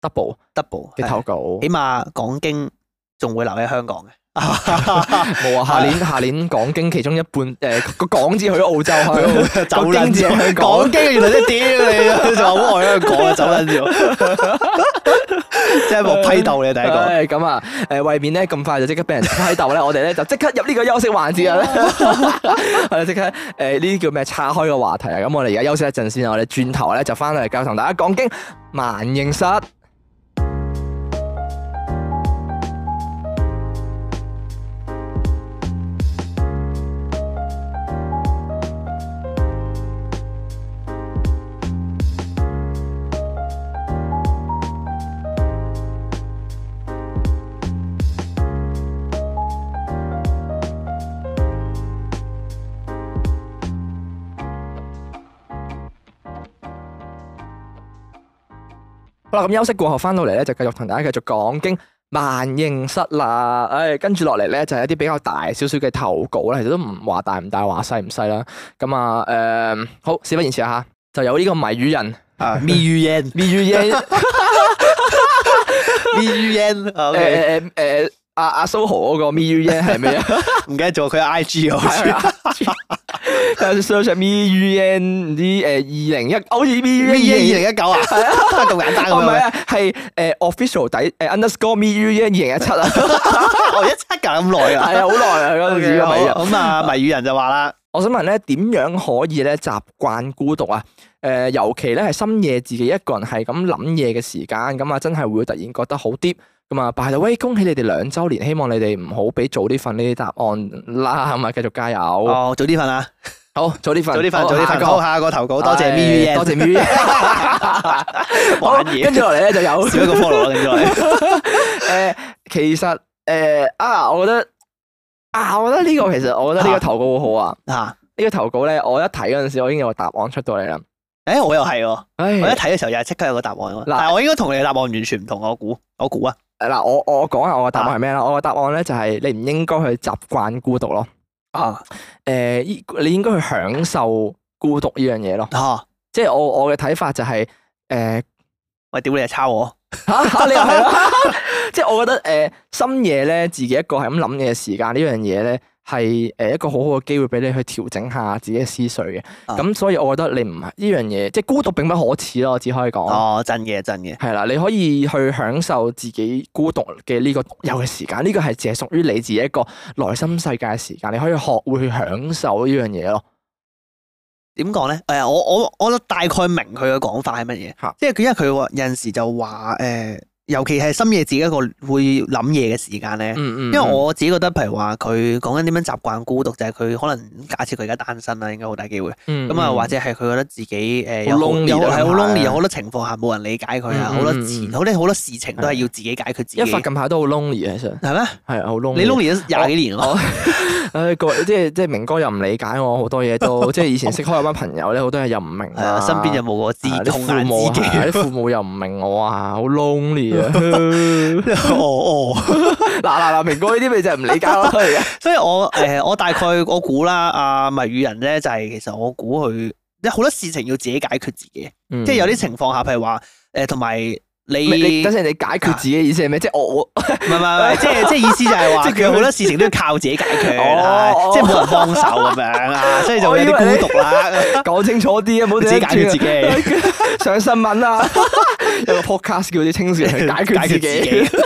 Double Double 嘅投稿。起碼港京仲會留喺香港嘅。冇啊，下年下年港京其中一半誒個港字去咗澳洲去，走緊字。港京原來都屌你，仲唔喺香港啊，走緊字。 [laughs] 即係冇批鬥嘅第一個、 [laughs] 哎，咁啊，誒，為免咧咁快就即刻俾人批鬥咧， [laughs] 我哋咧就即刻入呢個休息環節啦，係啊， [laughs] [laughs] 即刻誒呢啲叫咩？岔開個話題啊，咁我哋而家休息一陣先，我哋轉頭咧就翻嚟教同大家講經萬應室。嗱，咁休息過後翻到嚟，咧，就繼續同大家繼續講經萬應室啦。唉，跟住落嚟咧就係一啲比較大少少嘅投稿啦。其實都唔話大唔大，話細唔細啦。咁啊，誒，好，事不宜遲啊吓，就有呢個迷語人啊，謎語煙，謎語煙，謎語煙。誒誒誒，阿阿蘇豪嗰個謎語煙係咩啊？唔記得咗，佢有 I G 啊。search 咩 U N 唔知誒，二零一好似咩 U N 二零一九啊，係啊，仲簡單啊，係咪？係誒 official 底誒 under score 咩 U N 二零一七啊，我一七噶咁耐噶，係啊，好耐啊嗰度，咁啊迷語人就話啦，我想問咧點樣可以咧習慣孤獨啊？誒，尤其咧係深夜自己一個人係咁諗嘢嘅時間，咁啊真係會突然覺得好啲。咁啊，擺到，喂，恭喜你哋兩周年，希望你哋唔好俾早啲份呢啲答案啦，係咪？繼續加油。哦，早啲份啊，好，早啲份，早啲份，快講下個投稿，多謝咪 i 多謝 Mi 跟住落嚟咧就有少一個 follow 定咗。誒，其實誒啊，我覺得啊，我覺得呢個其實，我覺得呢個投稿好好啊。啊，呢個投稿咧，我一睇嗰陣時，我已經有個答案出到嚟啦。誒，我又係，我一睇嘅時候又係即刻有個答案。但我應該同你嘅答案完全唔同，我估，我估啊。嗱，我我講下我嘅答案係咩啦？啊、我嘅答案咧，就係你唔應該去習慣孤獨咯。啊，誒、呃，你你應該去享受孤獨呢樣嘢咯。啊，即係我我嘅睇法就係、是、誒，呃、喂，屌你係抄我。 [laughs] 啊、你又係咯？ [laughs] [laughs] 即係我覺得誒、呃，深夜咧，自己一個係咁諗嘅時間呢樣嘢咧。係誒一個好好嘅機會俾你去調整下自己嘅思緒嘅，咁、啊、所以我覺得你唔係呢樣嘢，即係孤獨並不可恥咯，我只可以講。哦，真嘅，真嘅。係啦，你可以去享受自己孤獨嘅呢個獨有嘅時間，呢、這個係淨係屬於你自己一個內心世界嘅時間，你可以學會享受呢樣嘢咯。點講咧？誒，我我我大概明佢嘅講法係乜嘢？嚇、啊，即係因為佢有陣時就話誒。呃尤其係深夜自己一個會諗嘢嘅時間咧，因為我自己覺得，譬如話佢講緊點樣習慣孤獨，就係佢可能假設佢而家單身啦，應該好大機會。咁啊，或者係佢覺得自己誒有好 lonely，好有好多情況下冇人理解佢啊，好多好多好多事情都係要自己解決自己。一發近排都好 lonely，其實係咩？係好 lonely。你 lonely 咗廿幾年咯？各即係即係明哥又唔理解我好多嘢，都即係以前識開有班朋友咧，好多嘢又唔明，身邊又冇個知心嘅知己，父母又唔明我啊，好 lonely。哦哦，嗱嗱嗱！明哥呢啲咪就係唔理解咯，所以，我誒，我大概我估啦，阿迷語人咧就係其實我估佢，即係好多事情要自己解決自己，即係有啲情況下，譬如話誒，同埋你，等陣你解決自己意思係咩？即係我，唔係唔係唔係，即係即係意思就係話，佢好多事情都要靠自己解決，即係冇人幫手咁樣啊，所以就會有啲孤獨啦。講清楚啲啊，唔好自己解決自己，上新聞啊！有個 podcast 叫啲青少年解決自己。誒 [laughs] 解決自己、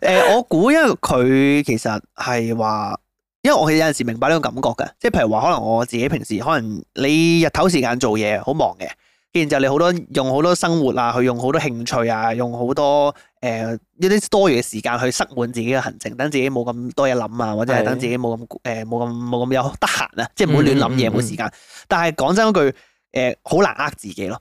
[laughs] 呃，我估因為佢其實係話，因為我有陣時明白呢個感覺嘅。即係譬如話，可能我自己平時可能你日頭時間做嘢好忙嘅，然之後你好多用好多生活啊，去用好多興趣啊，用好多誒、呃、一啲多餘嘅時間去塞滿自己嘅行程，等自己冇咁多嘢諗啊，或者係等自己冇咁誒冇咁冇咁有得閒啊，即係冇亂諗嘢，冇、mm hmm. 時間。但係講真句，誒、呃，好難呃自己咯。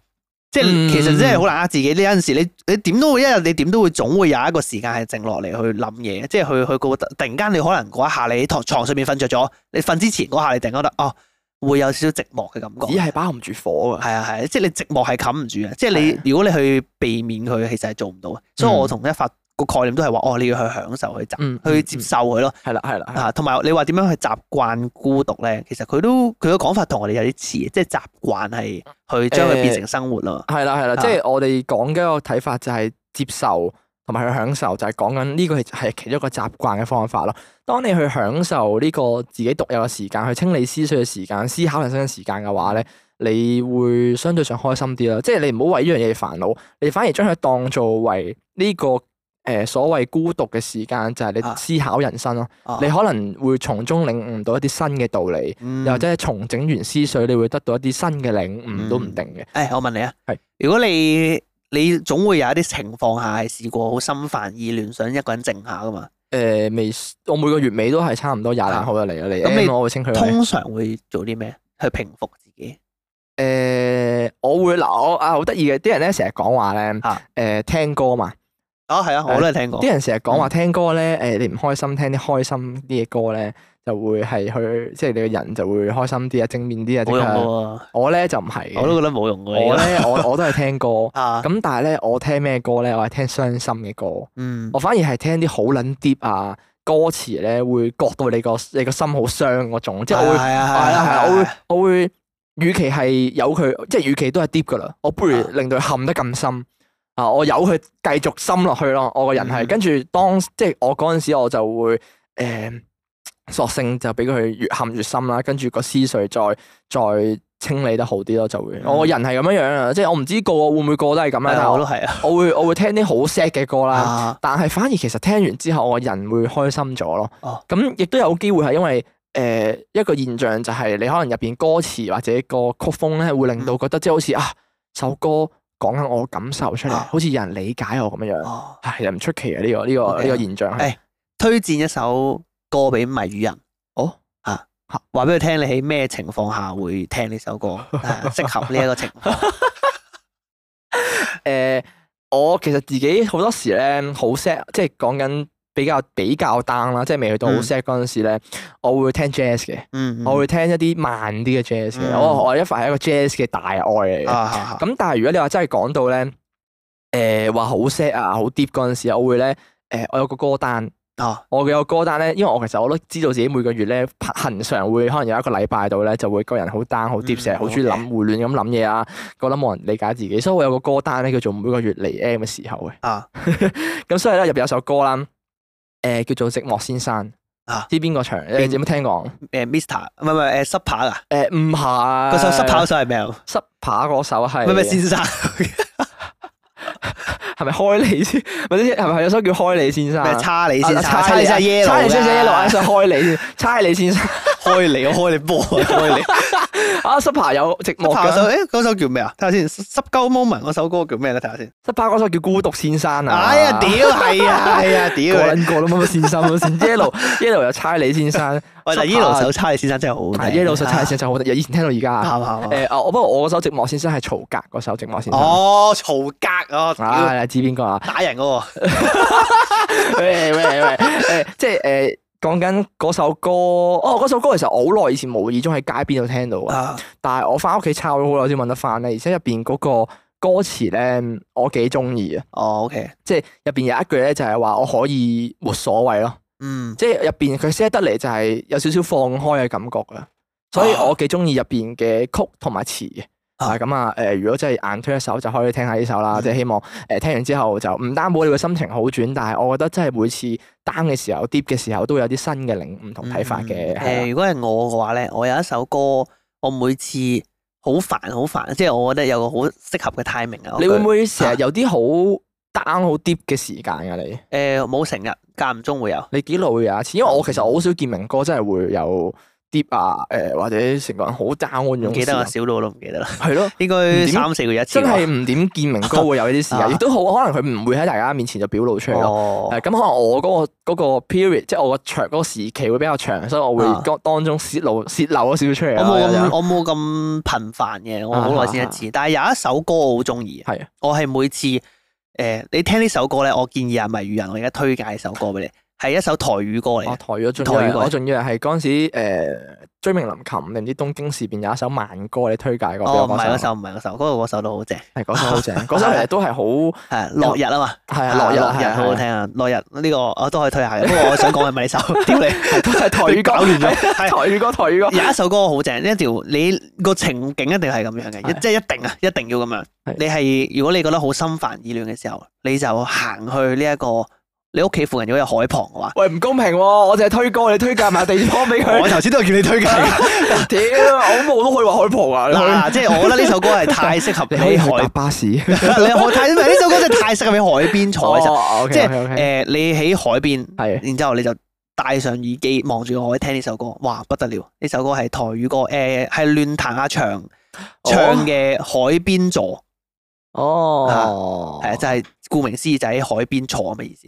即係、嗯、其實真係好難呃自己，呢陣時你，你你點都會一日，因為你點都會總會有一個時間係靜落嚟去諗嘢，即係去去覺得突然間你可能嗰一下你喺牀上面瞓着咗，你瞓之前嗰下你突然覺得哦，會有少少寂寞嘅感覺，係包唔住火㗎，啊係即係你寂寞係冚唔住嘅，的即係你如果你去避免佢，其實係做唔到嘅，的所以我同一發。個概念都係話，哦，你要去享受佢，嗯嗯，嗯，去接受佢咯，係啦，係啦，同埋你話點樣去習慣孤獨咧？其實佢都佢個講法同我哋有啲似，即係習慣係去將佢變成生活咯。係啦，係啦，即係我哋講嘅一個睇法就係接受同埋去享受，就係講緊呢個係其中一個習慣嘅方法咯。當你去享受呢個自己獨有嘅時間，去清理思緒嘅時間、思考人生嘅時間嘅話咧，你會相對上開心啲咯。即係你唔好為呢樣嘢煩惱，你反而將佢當做為呢個。誒，所謂孤獨嘅時間就係你思考人生咯，你可能會從中領悟到一啲新嘅道理，又或者係重整完思緒，你會得到一啲新嘅領悟都唔定嘅。誒，我問你啊，係如果你你總會有一啲情況下係試過好心煩意亂，想一個人靜下㗎嘛？誒，未？我每個月尾都係差唔多廿零號就嚟啦，你咁，我會請佢。通常會做啲咩去平復自己？誒，我會嗱，我啊好得意嘅，啲人咧成日講話咧，誒，聽歌嘛。啊，係啊，我都係聽過。啲人成日講話聽歌咧，誒，你唔開心，聽啲開心啲嘅歌咧，就會係去，即係你個人就會開心啲啊，正面啲啊。冇用。我咧就唔係，我都覺得冇用嘅。我咧，我我都係聽歌。咁但係咧，我聽咩歌咧？我係聽傷心嘅歌。嗯。我反而係聽啲好撚 deep 啊，歌詞咧會割到你個你個心好傷嗰種。係啊，係啊，係啊！我會我會，與其係有佢，即係與其都係 deep 噶啦，我不如令到佢陷得咁深。啊！我由佢繼續深落去咯，我個人係跟住當即係我嗰陣時，我就會誒、呃、索性就俾佢越陷越深啦，跟住個思緒再再清理得好啲咯，就會、嗯、我個人係咁樣樣啊！即係我唔知個個會唔會個個都係咁咧，嗯、但我都係啊！我會我會聽啲好 sad 嘅歌啦，啊、但係反而其實聽完之後我人會開心咗咯。咁亦都有機會係因為誒、呃、一個現象就係你可能入邊歌詞或者個曲風咧會令到覺得即係好似啊，啊首歌。講緊我感受出嚟，啊、好似有人理解我咁樣樣，係又唔出奇啊！呢、這個呢個呢個現象係、哎。推薦一首歌俾迷語人，哦吓，話俾佢聽你喺咩情況下會聽呢首歌，適、 [laughs] 啊、合呢一個情況。誒、 [laughs] [laughs] [laughs] 呃，我其實自己好多時咧好 sad，即係講緊。比較比較 down 啦，即係未去到好 sad 嗰陣時咧，我會聽 jazz 嘅，嗯嗯，我會聽一啲慢啲嘅 jazz 嘅。嗯、我我一塊係一個 jazz 嘅大愛嚟嘅。咁、啊啊、但係如果你話真係講到咧，誒話好 sad 啊，好 deep 嗰陣時，我會咧誒、呃、我有個歌單，啊、我有個歌單咧，因為我其實我都知道自己每個月咧，恆常會可能有一個禮拜度咧，就會個人好 down 好 deep，成日好中意諗，胡亂咁諗嘢啊，覺得冇人理解自己，所以我有個歌單咧叫做每個月嚟 M 嘅時候嘅。咁、啊、 [laughs] [laughs] 所以咧入邊有首歌啦。誒，叫做寂寞先生啊？知邊個場？你有冇聽講？誒 Mr. 唔係唔係誒，濕扒噶？誒，唔係。嗰首濕扒嗰首係咩？濕扒嗰首係唔係？先生係咪開你先？或者係咪係有首叫開你先生？叉你先，叉你先！下耶羅，叉你耶羅，想開你先，叉你先生。.開你，我開你波！啊！開你阿 Super 有寂寞嗰首，誒，嗰首叫咩啊？睇下先，《濕鳩 moment》嗰首歌叫咩咧？睇下先，《Super》嗰首叫孤獨先生啊！哎呀，屌係啊，係啊，屌！個都冇乜先生，Yellow Yellow 有差你先生，我哋 Yellow 首差你先生真係好，Yellow 首差李先生好，以前聽到而家，係嘛係誒，哦，不過我首寂寞先生係曹格嗰首寂寞先生。哦，曹格啊！係知邊個啊？打人嗰個喂喂喂，誒，即係誒。講緊嗰首歌哦，嗰首歌其實我好耐以前無意中喺街邊度聽到嘅，uh, 但係我翻屋企抄咗好耐先搵得翻咧，而且入邊嗰個歌詞咧我幾中意啊！哦、uh,，OK，即係入邊有一句咧就係話我可以冇所謂咯，mm. 即係入邊佢寫得嚟就係有少少放開嘅感覺啊，所以我幾中意入邊嘅曲同埋詞嘅。啊咁啊，誒，如果真係硬推一首，就可以聽下呢首啦。嗯、即係希望，誒、呃，聽完之後就唔擔保你嘅心情好轉。但係我覺得真係每次 down 嘅時候、跌嘅時候都，都會有啲新嘅領悟同睇法嘅。誒、呃呃，如果係我嘅話咧，我有一首歌，我每次好煩好煩，即係我覺得有個好適合嘅 timing 啊。你會唔會成日有啲好 down、啊、好跌嘅時間噶、啊？你誒、呃，冇成日，間唔中會有。你幾耐會有一次？因為我其實好少見明哥真係會有。啊，誒或者成個人好渣嗰種記得啊，少佬都唔記得啦。係咯，應該三四個月一次，真係唔點見明哥會有呢啲事啊！亦都好可能佢唔會喺大家面前就表露出嚟咯。咁、哦嗯、可能我嗰、嗰個、嗰個、period，即係我個長嗰個時期會比較長，所以我會當當中泄露、啊、泄露咗少少出嚟。我冇咁，我冇咁頻繁嘅，我好耐先一次。啊、但係有一首歌我好中意，係我係每次誒、呃、你聽呢首歌咧，我建議啊，迷語人，我而家推介首歌俾你。係一首台語歌嚟，台語台語歌。仲要係嗰陣時，誒，椎名林檎定唔知東京事變有一首慢歌，你推介過畀我？哦，唔係嗰首，唔係嗰首，嗰個歌手都好正。係嗰首好正，嗰首其實都係好係落日啊嘛，係落日，落日好好聽啊，落日呢個我都可以推下，不過我想講係咪呢首，屌你，都係台語搞亂咗，係台語歌，台語歌。有一首歌好正，呢一條你個情景一定係咁樣嘅，即係一定啊，一定要咁樣。你係如果你覺得好心煩意亂嘅時候，你就行去呢一個。你屋企附近如果有海旁嘅話喂，喂唔公平喎、哦！我淨係推歌，你推介埋地方俾佢。我頭先都係叫你推介。屌，我冇都可以話海旁啊！嗱、啊，即係我覺得呢首歌係太適合你喺海你巴士。 [laughs] 啊、你海太唔係呢首歌真係太適合喺海邊坐，哦、okay, okay, okay, 即係誒、呃、你喺海邊，係的，然之後你就戴上耳機，望住海聽呢首歌，哇，不得了！呢首歌係台語歌，誒、呃、係亂彈阿、啊、翔唱嘅《唱海邊坐》。哦，係啊，就係、是、顧名思義就喺海邊坐咁嘅意思。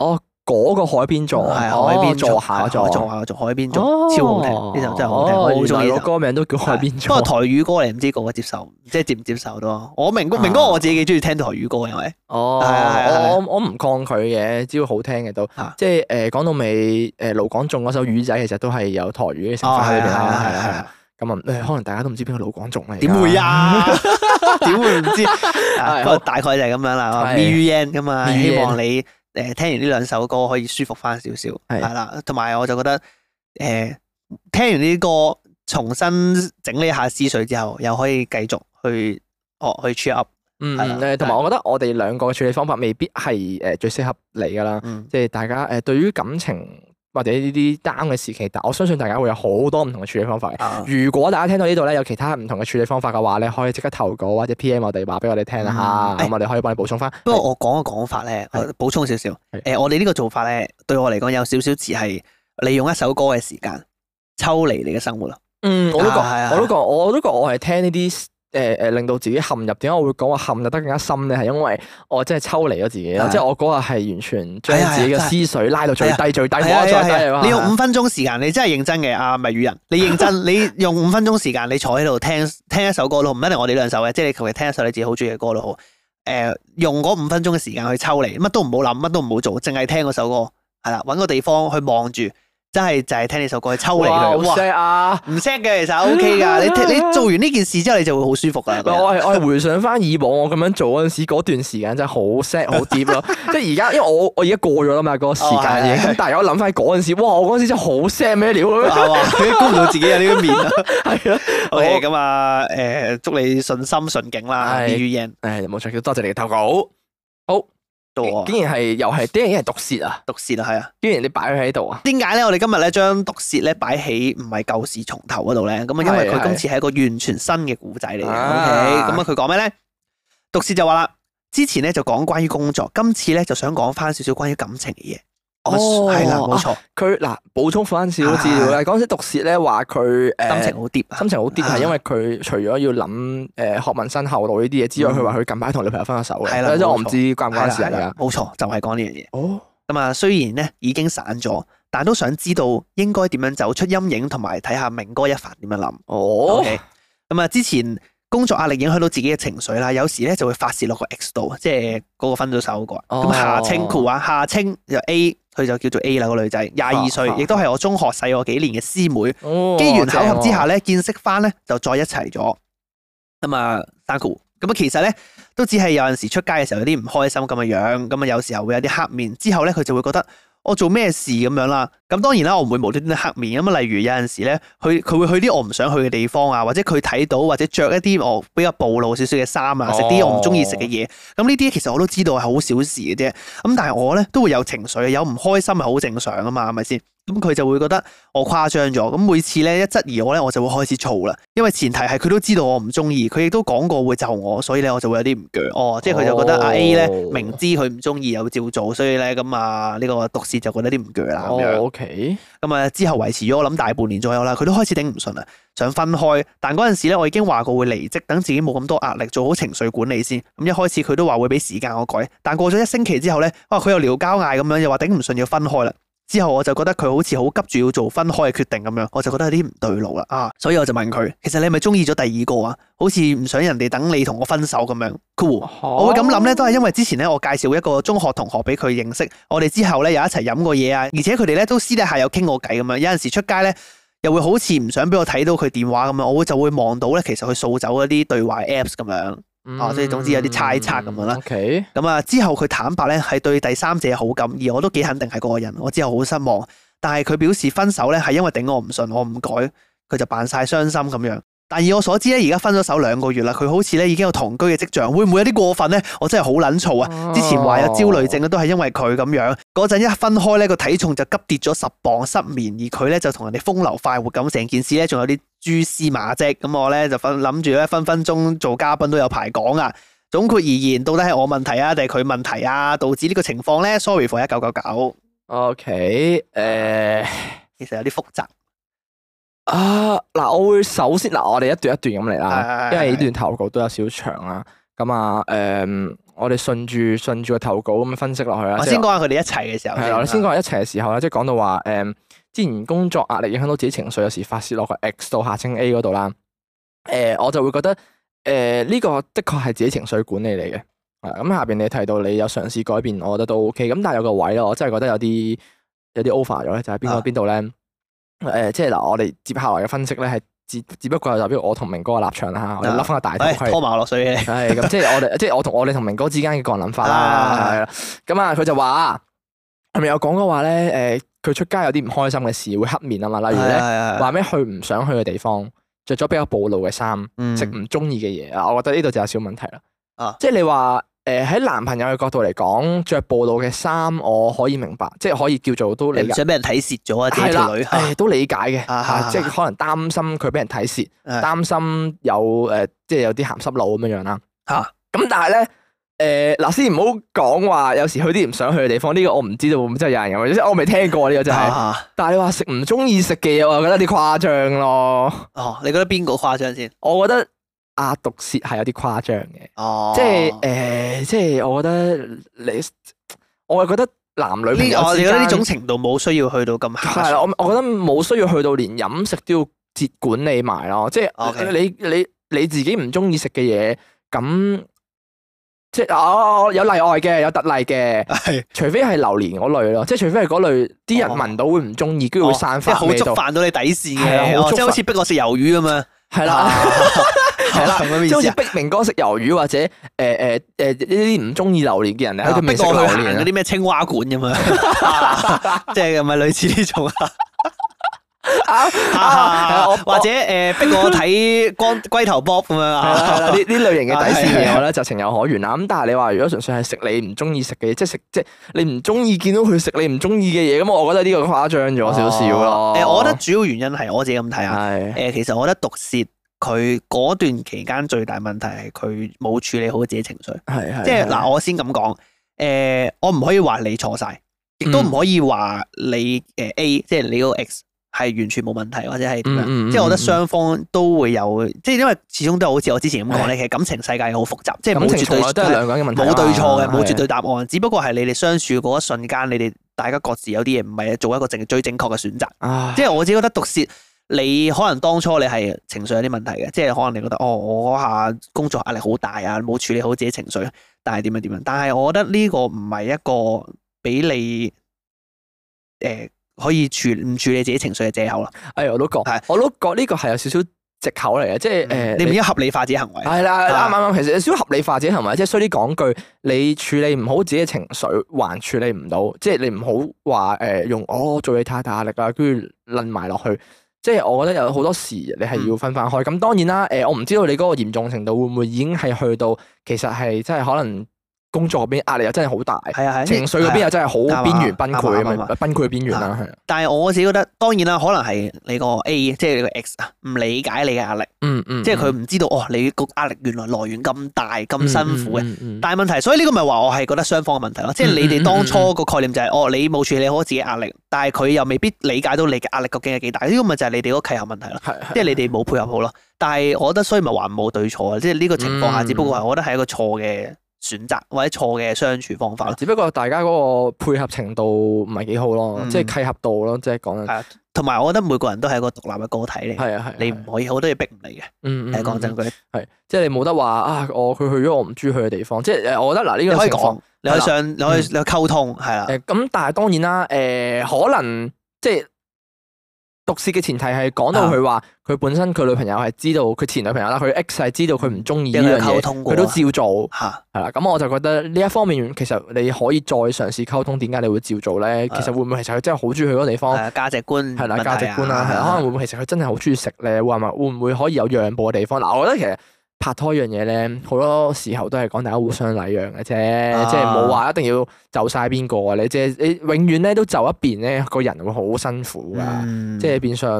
哦，嗰個海邊座係海邊座下座，下座海邊座，超好聽呢首真係好聽。我好中意。歌名都叫海邊座，係台語歌，你唔知可唔可接受？即係接唔接受咯？我明哥明哥，我自己幾中意聽台語歌嘅，係咪？哦，我我唔抗拒嘅，只要好聽嘅都，即係誒，講到尾誒，盧廣仲嗰首魚仔，其實都係有台語嘅成分喺度。係啦係啦咁啊，可能大家都唔知邊個盧廣仲嚟。點會啊？點會唔知？大概就係咁樣啦。Me y u n d 嘛？希望你。誒，聽完呢兩首歌可以舒服翻少少，係啦是的，同埋我就覺得，誒、呃，聽完呢啲歌，重新整理一下思緒之後，又可以繼續去學去 cheer up，嗯，誒的，同埋我覺得我哋兩個嘅處理方法未必係誒最適合你噶啦，即係、嗯、大家誒、呃、對於感情。或者呢啲 down 嘅時期，但我相信大家會有好多唔同嘅處理方法、啊、如果大家聽到呢度咧有其他唔同嘅處理方法嘅話咧，你可以即刻投稿或者 PM 我哋話俾我哋聽下，咁我哋可以幫你補充翻。不過我講嘅講法咧，補、欸、充少少。誒是、呃，我哋呢個做法咧，對我嚟講有少少似係利用一首歌嘅時間抽離你嘅生活咯。嗯，我都覺，我都覺，我都覺，我係聽呢啲。誒誒，令到自己陷入，點解我會講話陷入得更加深咧？係因為，我真係抽離咗自己咯，的即係我嗰日係完全將自己嘅思緒、哎、拉到最低、哎、呀最低最、哎、呀低，你用五分鐘時間，你真係認真嘅，阿迷語人，你認真， [laughs] 你用五分鐘時間，你坐喺度聽聽一首歌咯，唔一定我哋兩首嘅，即係你求其聽一首你自己好中意嘅歌都好。誒、呃，用嗰五分鐘嘅時間去抽離，乜都唔好諗，乜都唔好做，淨係聽嗰首歌，係啦，搵個地方去望住。真係就係聽你首歌去抽離佢。哇，唔 set 啊，唔 set 嘅其實 OK 噶。你你做完呢件事之後，你就會好舒服噶。我係回想翻以往我咁樣做嗰陣時，嗰段時間真係好 set 好 deep 咯。即係而家，因為我我而家過咗啦嘛，個時間已經。但係我諗翻嗰陣時，哇，我嗰陣時真係好 sad 咩料啊，估唔到自己有呢個面啦。係啊，OK 咁啊，誒，祝你順心順境啦，迷語人。誒，冇錯，多謝你嘅投稿。竟然，係又係啲人，係毒舌啊，毒舌啊，係啊，竟然你擺佢喺度啊？點解咧？我哋今日咧將毒舌咧擺喺唔係舊事重投嗰度咧，咁啊的，因為佢今次係一個完全新嘅古仔嚟嘅。OK，咁啊，佢講咩咧？毒舌就話啦，之前咧就講關於工作，今次咧就想講返少少關於感情嘅嘢。係啦，冇錯。佢嗱，補充翻少少資料啦。嗰陣毒舌咧，話佢誒心情好跌，心情好跌，係因為佢除咗要諗誒學問身後路呢啲嘢之外，佢話佢近排同女朋友分咗手啦。係啦，即係我唔知關唔關事㗎？冇錯，就係講呢樣嘢。哦，咁啊，雖然咧已經散咗，但都想知道應該點樣走出陰影，同埋睇下明哥一發點樣諗。哦，OK。咁啊，之前工作壓力影響到自己嘅情緒啦，有時咧就會發泄落個 X 度，即係嗰個分咗手嗰個。哦，咁夏清酷啊，夏清又 A。佢就叫做 A 啦個女仔，廿二歲，亦都係我中學細我幾年嘅師妹。哦哦、機緣巧合之下咧，啊、見識翻咧就再一齊咗。咁啊，thank you。咁啊，其實咧都只係有陣時出街嘅時候有啲唔開心咁嘅樣，咁啊有時候會有啲黑面。之後咧佢就會覺得。我做咩事咁樣啦？咁當然啦，我唔會無端端黑面咁啊。例如有陣時咧，佢佢會去啲我唔想去嘅地方啊，或者佢睇到或者着一啲我比較暴露少少嘅衫啊，食啲我唔中意食嘅嘢。咁呢啲其實我都知道係好小事嘅啫。咁但係我咧都會有情緒，有唔開心係好正常啊嘛，係咪先？咁佢就會覺得我誇張咗，咁每次咧一質疑我咧，我就會開始嘈啦。因為前提係佢都知道我唔中意，佢亦都講過會就我，所以咧我就會有啲唔鋸哦。即係佢就覺得 A 咧、oh. 明知佢唔中意又照做，所以咧咁啊呢個讀士就覺得啲唔鋸啦。O K。咁啊之後維持咗我諗大半年左右啦，佢都開始頂唔順啦，想分開。但嗰陣時咧我已經話過會離職，等自己冇咁多壓力，做好情緒管理先。咁一開始佢都話會俾時間我改，但過咗一星期之後咧，哇佢又撩交嗌咁樣，又話頂唔順要分開啦。之後我就覺得佢好似好急住要做分開嘅決定咁樣，我就覺得有啲唔對路啦啊！所以我就問佢，其實你係咪中意咗第二個啊？好似唔想人哋等你同我分手咁樣。o l、cool. oh. 我會咁諗呢都係因為之前呢，我介紹一個中學同學俾佢認識，我哋之後呢，又一齊飲過嘢啊，而且佢哋呢都私底下有傾過偈咁樣，有陣時出街呢，又會好似唔想俾我睇到佢電話咁樣，我會就會望到呢，其實佢掃走一啲對話 apps 咁樣。嗯、哦，即係總之有啲猜測咁樣啦。咁啊 Okay? 之後佢坦白咧係對第三者好感，而我都幾肯定係嗰個人。我之後好失望，但係佢表示分手咧係因為頂我唔順，我唔改，佢就扮晒傷心咁樣。但以我所知咧，而家分咗手兩個月啦，佢好似咧已經有同居嘅跡象，會唔會有啲過分咧？我真係好捻躁啊！之前話有焦慮症都係因為佢咁樣。嗰陣一分開咧，個體重就急跌咗十磅，失眠，而佢咧就同人哋風流快活咁，成件事咧仲有啲。蛛絲馬跡，咁我咧就分諗住咧分分鐘做嘉賓都有排講啊！總括而言，到底係我問題啊，定係佢問題啊？導致呢個情況咧？Sorry for 一九九九。OK，誒，其實有啲複雜啊！嗱，我會首先嗱、啊，我哋一段一段咁嚟啦，係係係係因為呢段投稿都有少長啊。咁啊，誒，我哋順住順住個投稿咁樣分析落去啦。我先講下佢哋一齊嘅時候。我先講下一齊嘅時候啦，即係講到話誒。嗯之前工作壓力影響到自己情緒，有時發泄落去 X 到下稱 A 嗰度啦。誒，我就會覺得誒呢、呃呢個的確係自己情緒管理嚟嘅。咁、嗯、下邊你提到你有嘗試改變，我覺得都 O K。咁但係有個位咯，我真係覺得有啲有啲 over 咗咧，就喺、是、邊個邊度咧？誒、啊呃，即係嗱，我哋接下來嘅分析咧，係只只不過係代表我同明哥嘅立場嚇，啊、我哋甩翻個大、哎、拖埋落水嘅。 [laughs] 係咁，即、就、係、是、我哋即係我同我哋同明哥之間嘅個人諗法啦。咁啊，佢、嗯嗯、就剛剛話啊，咪有講嘅話咧，誒、嗯。嗯。佢出街有啲唔開心嘅事會黑面啊嘛，例如咧話咩去唔想去嘅地方，着咗比較暴露嘅衫，食唔中意嘅嘢啊，我覺得呢度就有小問題啦。啊，即係你話誒喺男朋友嘅角度嚟講，着暴露嘅衫我可以明白，即係可以叫做都理解想俾人睇蝕咗一啲條女，啊哎，都理解嘅，即係可能擔心佢俾人睇蝕，擔心有誒即係有啲鹹濕佬咁樣樣啦。吓，咁但係咧。誒，嗱，先唔好講話，有時去啲唔想去嘅地方，呢、這個我唔知道，唔知係有人有即我未聽過呢、這個，真係、啊。但係你話食唔中意食嘅嘢，我又覺得啲誇張咯。哦，你覺得邊個誇張先？我覺得阿毒舌係有啲誇張嘅。哦，即係誒、呃，即係我覺得你，我係覺得男女朋友，我哋、哦、覺得呢種程度冇需要去到咁吓。係我我覺得冇需要去到連飲食都要接管你埋咯。即係你 Okay. 你你，你，你自己唔中意食嘅嘢咁。即係我、哦、有例外嘅，有特例嘅，係是除非係榴蓮嗰類咯，即係除非係嗰類啲、哦、人聞到會唔中意，跟住會散發味道、哦、即係好觸犯到你底線嘅，即係好似逼我食魷魚啊嘛，係啦，意思即係好似逼明哥食魷魚或者誒誒誒呢啲唔中意榴蓮嘅人咧，了榴逼我行嗰啲咩青蛙館咁樣， [laughs] [laughs] [laughs] 即係咪類似呢種啊？啊，或者誒，逼我睇光龜頭搏咁樣，呢呢類型嘅底線我覺得就情有可原啦。咁但係你話如果純粹係食你唔中意食嘅嘢，即係食即係你唔中意見到佢食你唔中意嘅嘢，咁我我覺得呢個誇張咗少少咯。誒，我覺得主要原因係我自己咁睇下。誒，其實我覺得毒舌佢嗰段期間最大問題係佢冇處理好自己情緒。係，即係嗱，我先咁講。誒，我唔可以話你錯晒，亦都唔可以話你誒 A，即係你個 X。係完全冇問題，或者係點樣？嗯嗯、即係我覺得雙方都會有，即係、嗯嗯、因為始終都係好似我之前咁講咧，的其實感情世界好複雜，即係冇絕對，感情從來都係兩個人嘅問題，冇對錯嘅，冇的絕對答案。的只不過係你哋相處嗰一瞬間，你哋大家各自有啲嘢唔係做一個正最正確嘅選擇。唉即係我自己覺得讀，讀詩你可能當初你係情緒有啲問題嘅，即係可能你覺得哦，我下工作壓力好大啊，冇處理好自己情緒，但係點樣點樣？但係我覺得呢個唔係一個俾你誒。可以處唔處理自己情緒嘅借口啦、嗯，係搭我都覺，係我都覺呢個係有少少借口嚟嘅。即係誒，對你唔應該合理化自己行為，係啦、嗯，啱啱啱，其實有少少合理化自己行為，即係衰啲講句，你處理唔好自己情緒，還處理唔到，即係你唔好話誒用，我做嘢太大壓力啊，跟住甩埋落去，即係我覺得有好多時你係要分返開，咁、嗯、當然啦，誒、呃、我唔知道你嗰個嚴重程度會唔會已經係去到，其實係真係可能。工作嗰邊壓力又真係好大，情緒嗰邊又真係好邊緣崩潰啊，崩潰嘅邊緣啦。但係我自己覺得，當然啦，可能係你個 A，即係你個 X 啊，唔理解你嘅壓力，即係佢唔知道哦，你個壓力原來來源咁大咁辛苦嘅。但係問題，所以呢個咪話我係覺得雙方嘅問題咯，即係你哋當初個概念就係哦，你冇處理好自己壓力，但係佢又未必理解到你嘅壓力究竟係幾大。呢個咪就係你哋嗰個契合問題咯，即係你哋冇配合好咯。但係我覺得，雖然咪話冇對錯，即係呢個情況下，只不過係我覺得係一個錯嘅選擇或者錯嘅相處方法，只不過大家嗰個配合程度唔係幾好咯，即係契合度咯，即係講。係，同埋我覺得每個人都係一個獨立嘅個體嚟，係啊係，你唔可以好多嘢逼唔嚟嘅。嗯嗯，講真句，係，即係你冇得話啊，我佢去咗我唔中意去嘅地方，即係我覺得嗱呢個可以講，你可以想，你可以你溝通係啦。咁但係當然啦，誒，可能即係。獨事嘅前提係講到佢話佢本身佢女朋友係知道佢、啊、前女朋友啦，佢 ex 係知道佢唔中意呢樣嘢，佢、啊、都照做，係啦、啊。咁我就覺得呢一方面其實你可以再嘗試溝通，點解你會照做咧？啊、其實會唔會其實佢真係好中意去嗰個地方價值觀係啦，價值觀啦、啊啊啊，可能會唔會其實佢真係好中意食咧，會唔會？會唔會可以有讓步嘅地方？嗱、啊，我覺得其實。拍拖樣嘢咧，好多時候都係講大家互相禮讓嘅啫，啊、即係冇話一定要就晒邊個咧，即係你永遠咧都就一邊咧，個人會好辛苦噶，嗯、即係變相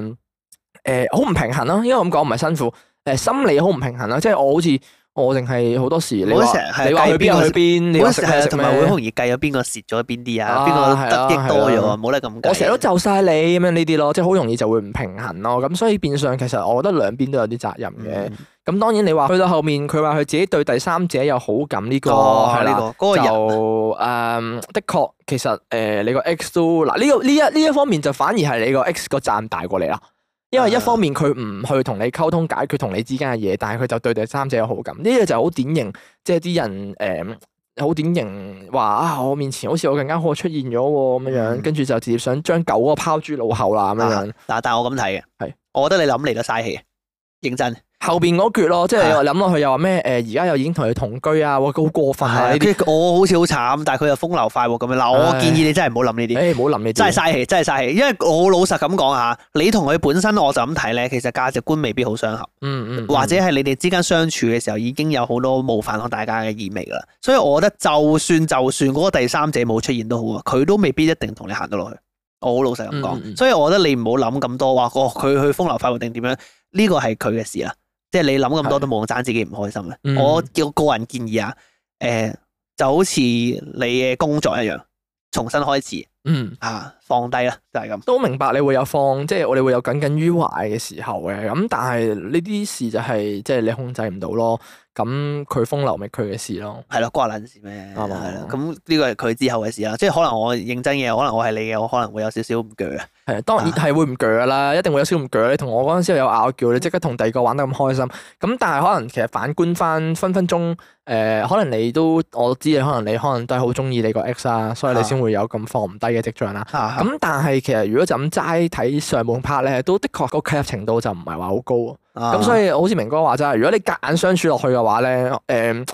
誒好唔平衡咯、啊。因為咁講唔係辛苦，誒、呃、心理好唔平衡咯、啊。即係我好似。我淨係好多時，你話去計邊去邊，你食係同埋會好容易計咗邊個蝕咗邊啲啊，邊個得益多咗冇唔咁計。我成日都就晒你咁樣呢啲咯，即係好容易就會唔平衡咯。咁所以變相其實我覺得兩邊都有啲責任嘅。咁當然你話去到後面，佢話佢自己對第三者有好感呢個，係呢個嗰個人誒，的確，其實誒，你個 X 都嗱呢個呢一呢一方面就反而係你個 X 個賺大過嚟啦。因為一方面佢唔去同你溝通解決同你之間嘅嘢，但係佢就對第三者有好感，呢個就好典型，即係啲人誒，好、呃、典型話啊，我面前好似我更加好出現咗咁樣樣，嗯、跟住就直接想將狗啊拋諸腦後啦咁、嗯、這樣樣。啊，但係我咁睇嘅，係是，我覺得你諗嚟都嘥氣，認真。後邊嗰句咯，即係諗落去又話咩？誒，而家又已經同佢同居啊！哇，好過分佢我、哎、好似好慘，但係佢又風流快活咁樣。嗱、哎，我建議你真係唔好諗呢啲。唔好諗呢啲真係嘥氣，真係嘥氣。因為我老實咁講啊，你同佢本身，我就咁睇咧，其實價值觀未必好相合。嗯嗯、或者係你哋之間相處嘅時候，已經有好多冒犯到大家嘅意味噶啦。所以我覺得，就算就算嗰個第三者冇出現都好，佢都未必一定同你行到落去。我好老實咁講，嗯、所以我覺得你唔好諗咁多。話佢去風流快活定點樣？呢個係佢嘅事啦。即係你諗咁多都冇用，是自己唔開心啦。嗯、我叫個人建議啊，誒、呃，就好似你嘅工作一樣，重新開始，嗯啊，放低啦，就係、是、咁。都明白你會有放，即係我哋會有耿耿於懷嘅時候嘅，咁但係呢啲事就係、是、即係你控制唔到咯。咁佢風流咪佢嘅事咯。係咯吧，關卵事咩？係啦。咁呢個係佢之後嘅事啦。即係可能我認真嘅，可能我係你嘅，我可能會有少少唔鋸啊。誒當然係會唔鋸㗎啦，一定會有少少唔鋸。你同我嗰陣時有拗撬，你即刻同第二個玩得咁開心。咁但係可能其實反觀翻分分鐘誒，可能你都我知，你可能你可能都係好中意你個 ex 啊，所以你先會有咁放唔低嘅跡象啦。咁、啊啊、但係其實如果就咁齋睇上半 part 咧，都的確個契合程度就唔係話好高咁、啊、所以好似明哥話齋，如果你夾硬相處落去嘅話咧，誒、呃、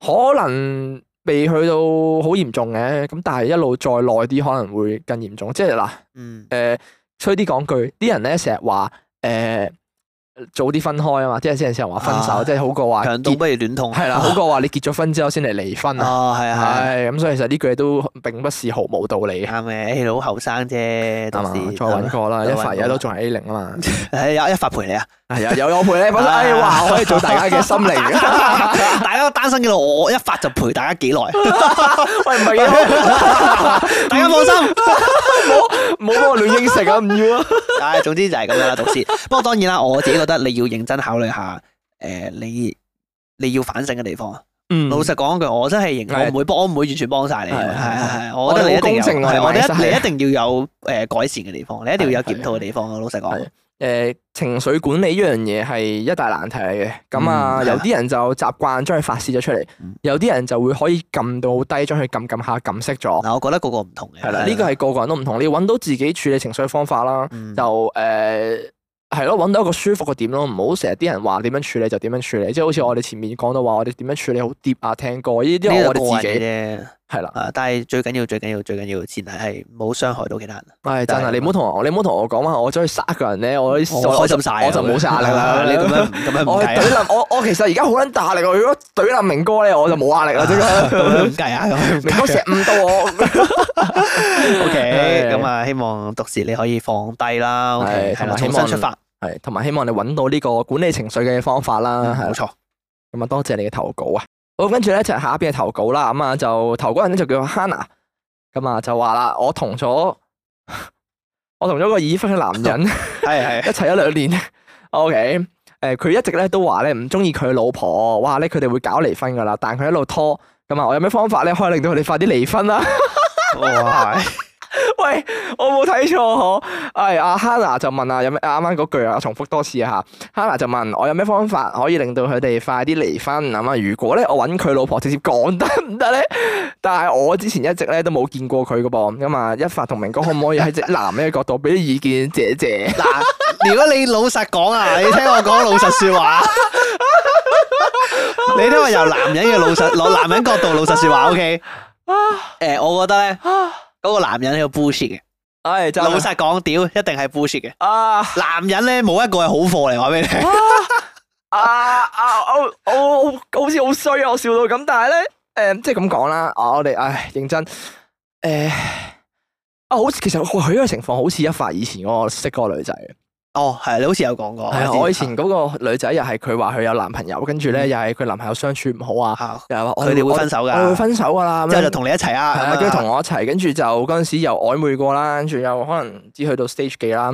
可能。未去到好嚴重嘅，咁但係一路再耐啲可能會更嚴重，即係嗱，誒、嗯，吹啲講句，啲人咧成日話，誒、呃，早啲分開啊嘛，即係先成日話分手，啊、即係好過話，長痛不如短痛，係啦，好過話你結咗婚之後先嚟離婚啊，係啊係，咁的所以其實呢句都並不是毫無道理，啱嘅，好後生啫，當時再揾過啦，過一發而家都仲係 A 零啊嘛，係一發陪你啊。係啊，有我陪你，反正可以話可以做大家嘅心靈。大家單身嘅，我一發就陪大家幾耐。喂，唔係啊，大家放心，冇冇我亂應承啊，唔要啊。唉，總之就係咁樣啦，讀書。不過當然啦，我自己覺得你要認真考慮下，誒，你你要反省嘅地方啊。嗯。老實講一句，我真係認，我唔會幫，唔會完全幫晒你。係係係，我覺得你一定有，你一定你要有誒改善嘅地方，你一定要有檢討嘅地方啊！老實講。誒、呃，情緒管理呢樣嘢係一大難題嚟嘅。咁啊，嗯、有啲人就習慣將佢發洩咗出嚟，嗯、有啲人就會可以撳到好低，將佢撳撳下撳熄咗。嗱，我覺得個個唔同嘅，呢個係個個人都唔同。你搵到自己處理情緒嘅方法啦，嗯、就誒係咯，呃、搵到一個舒服嘅點咯，唔好成日啲人話點樣處理就點樣處理，即係好似我哋前面講到話，我哋點樣處理好碟啊、聽歌呢啲，我哋自己。係啦，但係最緊要、最緊要、最緊要前提係冇傷害到其他人。喂，真係，你唔好同我，你唔好同我講話，我中意去殺一個人咧，我開心晒，我就冇壓力啦。你咁樣咁樣，我懟冧，我其實而家好撚大力喎，如果懟冧明哥咧，我就冇壓力啦。點解？計啊，明哥射唔到我。O K，咁啊，希望到時你可以放低啦。係，係嘛，重新出發。係，同埋希望你搵到呢個管理情緒嘅方法啦。冇錯。咁啊，多謝你嘅投稿啊。好，跟住咧就係下邊嘅投稿啦，咁啊就投稿人咧就叫 Hannah，咁啊就話啦，我同咗我同咗個已婚嘅男人係係 [laughs] [laughs] 一齊一兩年 [laughs] ，OK，誒佢一直咧都話咧唔中意佢老婆，話咧佢哋會搞離婚噶啦，但係佢一路拖，咁啊我有咩方法咧可以令到佢哋快啲離婚啊？ [laughs] [laughs] [laughs] 喂，我冇睇錯嗬。係阿、哎啊、Hannah 就問啊，有咩啱啱嗰句啊？剛剛句重複多次啊吓。Hannah 就問我有咩方法可以令到佢哋快啲離婚？咁、嗯、啊，如果咧我揾佢老婆直接講得唔得咧？但係我之前一直咧都冇見過佢噶噃，咁、嗯、啊一發同明哥可唔可以喺隻男人嘅角度俾啲意見？姐姐，嗱， [laughs] 如果你老實講啊，你聽我講老實說話。 [laughs] [laughs] [laughs] 你都話由男人嘅老實，攞男人角度老實說話。OK。誒，我覺得咧。嗰個男人喺度 bullshit 嘅，係、啊、老實講，屌一定係 bullshit 嘅。啊，男人咧冇一個係好貨嚟，話俾你聽。啊啊，我我好似好衰啊，我笑到咁，但係咧，誒、呃，即係咁講啦，我哋唉認真，誒，啊，好似其實佢呢個情況好似一發以前我識嗰個女仔。哦，係，你好似有講過。係啊，我以前嗰個女仔又係佢話佢有男朋友，跟住咧又係佢男朋友相處唔好啊，又話佢哋會分手噶。我哋會分手噶啦，即係就同你一齊啊，跟住同我一齊，跟住就嗰陣時又曖昧過啦，跟住又可能只去到 stage 幾啦。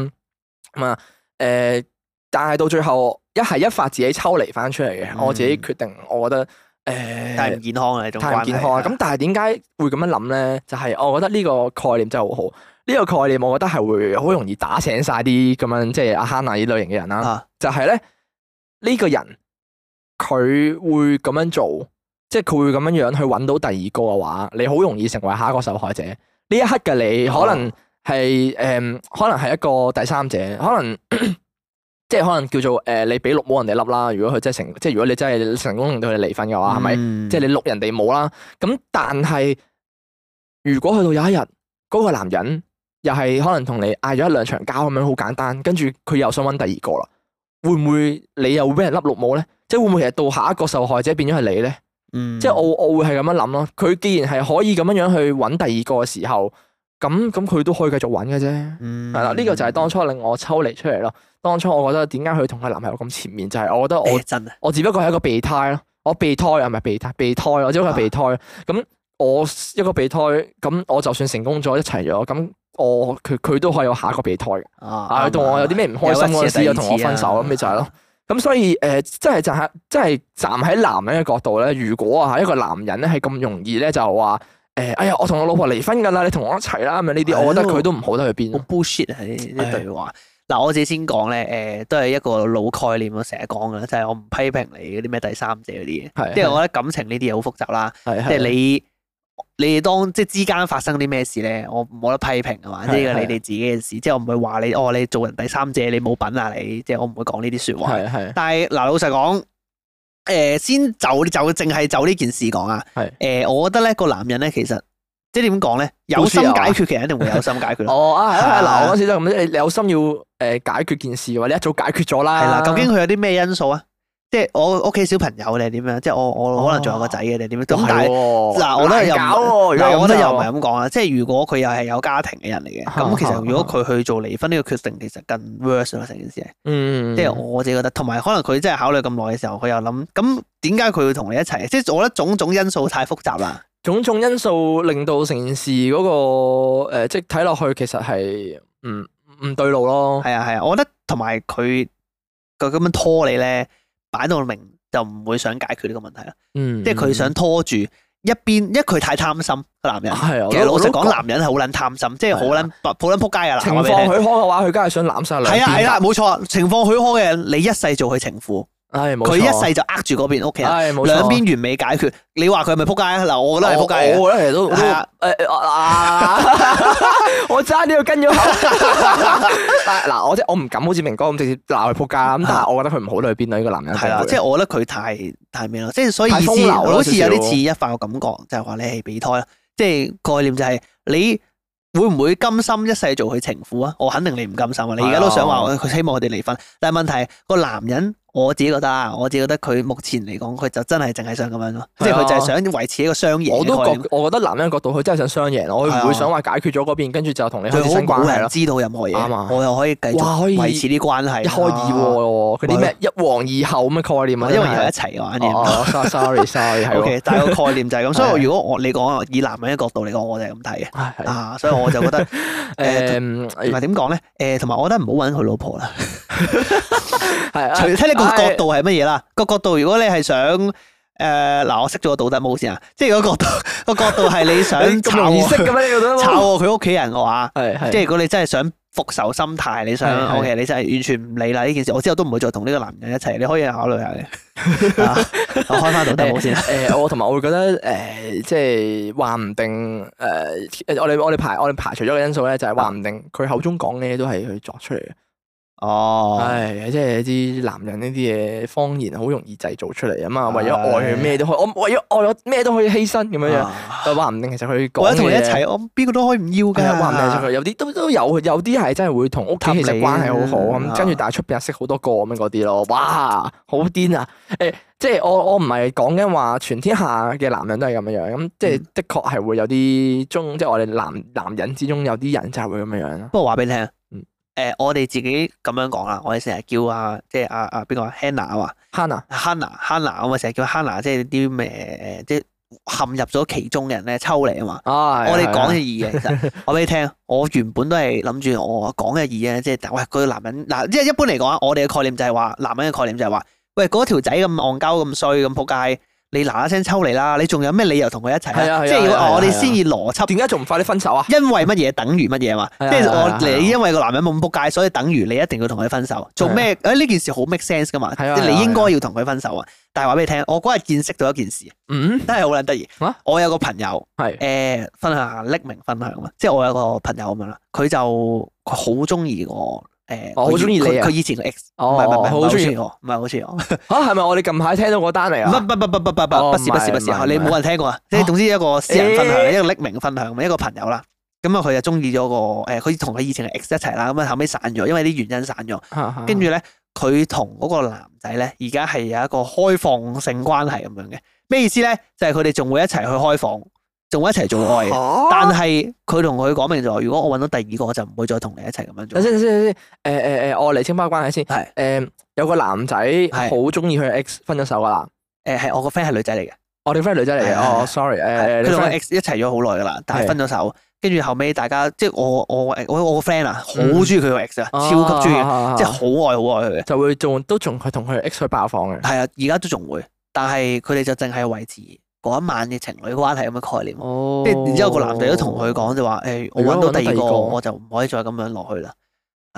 咁啊，誒，但係到最後一係一發自己抽離翻出嚟嘅，我自己決定，我覺得誒，太唔健康啦，太唔健康。咁但係點解會咁樣諗咧？就係我覺得呢個概念真係好好。呢個概念，我覺得係會好容易打醒晒啲咁樣，即係阿哈娜呢類型嘅人啦。啊、就係咧，呢、這個人佢會咁樣做，即係佢會咁樣樣去揾到第二個嘅話，你好容易成為下一個受害者。呢一刻嘅你可、哦嗯，可能係誒，可能係一個第三者，可能 [coughs] 即係可能叫做誒、呃，你俾綠帽人哋笠啦。如果佢真係成，即係如果你真係成功令到佢離婚嘅話，係咪、嗯？即係你綠人哋帽啦。咁但係，如果去到有一日嗰、嗰個男人，又係可能同你嗌咗一兩場交咁樣，好簡單。跟住佢又想揾第二個啦，會唔會你又會俾人笠綠帽咧？即係會唔會其實到下一個受害者變咗係你咧？嗯、即係我我會係咁樣諗咯。佢既然係可以咁樣樣去揾第二個嘅時候，咁咁佢都可以繼續揾嘅啫。嗯，係啦，呢個就係當初令我抽離出嚟咯。當初我覺得點解佢同佢男朋友咁前面，就係、是、我覺得我、欸、真我只不過係一個備胎咯，我備胎係咪備胎？備胎、胎，我只不過係備胎。咁、啊、我一個備胎，咁我就算成功咗一齊咗咁。我佢佢都可以有下一個備胎，嘅，啊，佢對我有啲咩唔開心嗰時，又同我分手咁咪就係咯。咁所以誒，即係就係，即係站喺男人嘅角度咧，如果啊，一個男人咧係咁容易咧，就話誒，哎呀，我同我老婆離婚噶啦，你同我一齊啦，咁樣呢啲，我覺得佢都唔好得去邊。好 bullshit 喺呢對話。嗱，我自己先講咧，誒，都係一個老概念我成日講噶，就係我唔批評你嗰啲咩第三者嗰啲嘢，係，我覺得感情呢啲嘢好複雜啦，即係你。你當即係之間發生啲咩事咧，我冇得批評啊嘛，即係是是 你哋自己嘅事，即係我唔會話你哦，你做人第三者你冇品啊你，即係我唔會講呢啲說話。係係是是。但係嗱，老實講，誒，先就就淨係就呢件事講啊。係。誒，我覺得咧個男人咧其實即係點講咧，有心解決其實一定會有心解決。 [laughs] 哦啊，係啊，嗱，小生咁，你有心要誒解決件事嘅話，的對你一早解決咗啦。係啦的。究竟佢有啲咩因素啊？即係我屋企小朋友你點樣？即係我我可能仲有個仔嘅，定點都係。咁但係是嗱，嗯、我覺得又唔係咁講啊。即係如果佢又係有家庭嘅人嚟嘅，咁、嗯嗯、其實如果佢去做離婚呢個決定，其實更 worse 咯成件事嗯。嗯，即係我自己覺得，同埋可能佢真係考慮咁耐嘅時候，佢又諗，咁點解佢會同你一齊？即係我覺得種種因素太複雜啦。種種因素令到成件事嗰個誒、呃，即係睇落去其實係唔唔對路咯。係啊係啊，我覺得同埋佢佢咁樣拖你咧。擺到明，明就唔會想解決呢個問題啦，嗯、即係佢想拖住一邊，因為佢太貪心，男人係啊，其實老實講，的男人係好撚貪心，對即係好撚，好撚撲街啊！情況許可嘅話，佢梗係想攬晒兩邊，係啦，係啦，冇錯，情況許可嘅人，你一世做佢情婦。佢、哎、一世就呃住嗰邊屋企人，兩邊、哎、完美解決。你話佢係咪扑街？嗱，我覺得係扑街。我覺得其實都係啊，我爭呢個跟咗。嗱，我即係我唔敢好似明哥咁直接鬧佢扑街咁但係我覺得佢唔好到去邊度呢個男人係啦、啊，即係我覺得佢太太咩啦，即係所以意思好似有啲似一發嘅感覺，就係、是、話你係備胎啦。即係概念就係、是、你會唔會甘心一世做佢情婦啊？我肯定你唔甘心啊！你而家都想話佢希望佢哋離婚，嗯、但係問題係個男人。我自己覺得啊，我自己覺得佢目前嚟講，佢就真係淨係想咁樣咯，即係佢就係想維持一個雙贏。我都覺，我覺得男人角度佢真係想雙贏，我唔會想話解決咗嗰邊，跟住就同你開始新關係咯。知道任何嘢啊嘛，我又可以繼續維持啲關係。一開二嗰啲咩一王二後咁嘅概念，因為而家一齊玩嘅。sorry sorry，但係個概念就係咁，所以我如果我你講以男人嘅角度嚟講，我就係咁睇嘅。啊，所以我就覺得誒同埋點講咧？誒同埋我覺得唔好揾佢老婆啦。係啊，個角度係乜嘢啦？那個角呃、個，個角度，如果你係想誒嗱，我識咗個道德冇先啊！即係個角度個角度係你想炒我， [laughs] 你識 [laughs] 炒佢屋企人嘅話，係 [laughs] 即係如果你真係想復仇心態，你想 [laughs] O、okay, K，你真係完全唔理啦呢件事，我之後都唔會再同呢個男人一齊，你可以考慮下。我開翻道德冇先。誒，我同埋我會覺得誒、呃，即係話唔定誒、呃，我哋我哋排我哋排除咗嘅因素咧，就係話唔定佢口中講嘅嘢都係佢作出嚟。哦，係、oh.，即係啲男人呢啲嘢，謊言好容易製造出嚟啊嘛，為咗愛咩都可以，oh. 我為咗愛我咩都可以犧牲咁、oh. 樣就話唔定其實佢，我同佢一齊，我邊個都可以唔要㗎。話唔定其實佢有啲都都有，有啲係真係會同屋企其實關係好好咁，oh. 跟住但係出邊識好多個咁樣嗰啲咯，哇，好癲啊！誒、欸，即係我我唔係講緊話全天下嘅男人都係咁樣樣，咁即係的確係會有啲中，嗯、即係我哋男男人之中有啲人就係會咁樣樣 [laughs] [laughs] 不過話俾你聽。誒、呃，我哋自己咁樣講啦，我哋成日叫啊，即係啊，阿邊個，Hannah 啊，Hannah，Hannah，Hannah 啊，嘛，成日叫 Hannah，即係啲咩誒，即係陷入咗其中嘅人咧抽離啊嘛，我哋講嘅意義，其實，我俾你聽，我原本都係諗住我講嘅意義咧，即係喂，嗰、哎嗰個男人嗱，即係一般嚟講，我哋嘅概念就係、是、話男人嘅概念就係、是、話，喂嗰條仔咁戇鳩咁衰咁仆街。那個你嗱嗱聲抽你啦，你仲有咩理由同佢一齊？ [music] 即係我我哋先以邏輯。點解仲唔快啲分手啊？因為乜嘢等於乜嘢嘛？即係我你因為個男人冇咁扑街，所以等於你一定要同佢分手。做咩？誒呢、 [music] 啊、件事好 make sense 噶嘛？係啊， [music] 你應該要同佢分手啊。但係話俾你聽，我嗰日見識到一件事，嗯，真係好捻得意。我有個朋友係誒、呃、分享下匿名分享啦，即係我有個朋友咁樣啦，佢就好鍾意我。誒，我好中意你，佢以前嘅 x 唔係唔係唔係，好中意我，唔係好中意我。嚇，係咪我哋近排聽到嗰單嚟啊？唔不，不，不，唔係，唔係，不是，不是，不是。你冇人聽過啊？即係總之一個私人分享，一個匿名分享，一個朋友啦。咁啊，佢就中意咗個誒，佢同佢以前嘅 x 一齊啦。咁啊，後尾散咗，因為啲原因散咗。跟住咧，佢同嗰個男仔咧，而家係有一個開放性關係咁樣嘅。咩意思咧？就係佢哋仲會一齊去開放。仲會一齊做愛，但係佢同佢講明咗，如果我揾到第二個，我就唔會再同你一齊咁樣做。先，先，先，誒，誒，誒，我嚟清翻關係先。係，誒，有個男仔好中意佢 ex，分咗手噶啦。誒，係我個 friend 係女仔嚟嘅，我哋 friend 女仔嚟嘅。哦，sorry，誒，佢同個 x 一齊咗好耐噶啦，但係分咗手。跟住後尾大家，即係我我我我個 friend 啊，好中意佢個 x 啊，超級中意，即係好愛好愛佢嘅，就會仲都仲去同佢 ex 去爆房嘅。係啊，而家都仲會，但係佢哋就淨係位置。嗰一晚嘅情侶嘅關係咁嘅概念，即係然之後個男仔都同佢講就話，誒，我搵到第二個，我就唔可以再咁樣落去啦，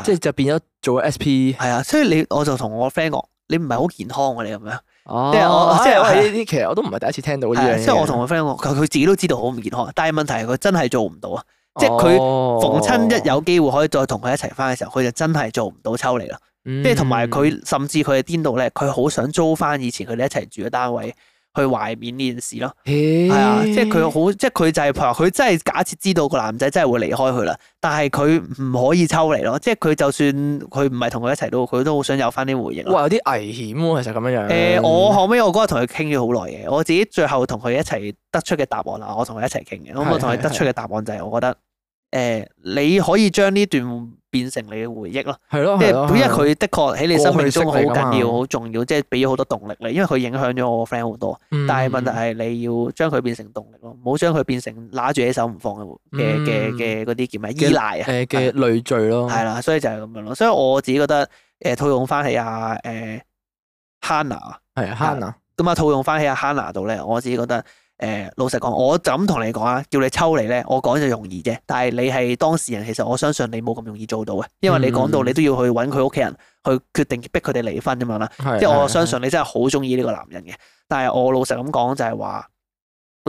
即係就變咗做 SP S P。係啊，所以你我就同我個 friend 講，你唔係好健康啊，你咁樣。噢即係我即係我呢啲，哎、呀的其實我都唔係第一次聽到呢嘢。即係我同我 friend 講，佢自己都知道好唔健康，但係問題係佢真係做唔到啊，噢即係佢逢親一有機會可以再同佢一齊翻嘅時候，佢就真係做唔到抽離啦。即係同埋佢甚至佢係顛到咧，佢好想租翻以前佢哋一齊住嘅單位。去懷緬呢件事咯，係啊、 [noise] 哎，即係佢好，即係佢就係話佢真係假設知道個男仔真係會離開佢啦，但係佢唔可以抽離咯，即係佢就算佢唔係同佢一齊都，佢都好想有翻啲回應。哇，有啲危險喎、啊，其實咁樣樣。誒、呃，我後尾我嗰日同佢傾咗好耐嘅，我自己最後同佢一齊得出嘅答案啦，我同佢一齊傾嘅，咁我同佢得出嘅答案就係，我覺得。誒，你可以將呢段變成你嘅回憶咯，係咯的，即係本身佢的確喺你生命中好緊要、好重，重要，即係俾咗好多動力你，因為佢影響咗我個 friend 好多。嗯、但係問題係你要將佢變成動力咯，唔好將佢變成拿住喺手唔放嘅嘅嘅嗰啲叫咩依賴啊？嘅累贅咯。係、呃、啦，所以就係咁樣咯。所以我自己覺得，誒套用翻喺阿、呃、誒 Hannah，係啊 Hannah，咁啊、嗯、套用翻喺阿 Hannah 度咧，我自己覺得。誒，老實講，我就咁同你講啊，叫你抽離咧，我講就容易啫。但係你係當事人，其實我相信你冇咁容易做到嘅，因為你講到你都要去揾佢屋企人去決定逼佢哋離婚咁樣啦。嗯、即係我相信你真係好鍾意呢個男人嘅。是是是但係我老實咁講就係話，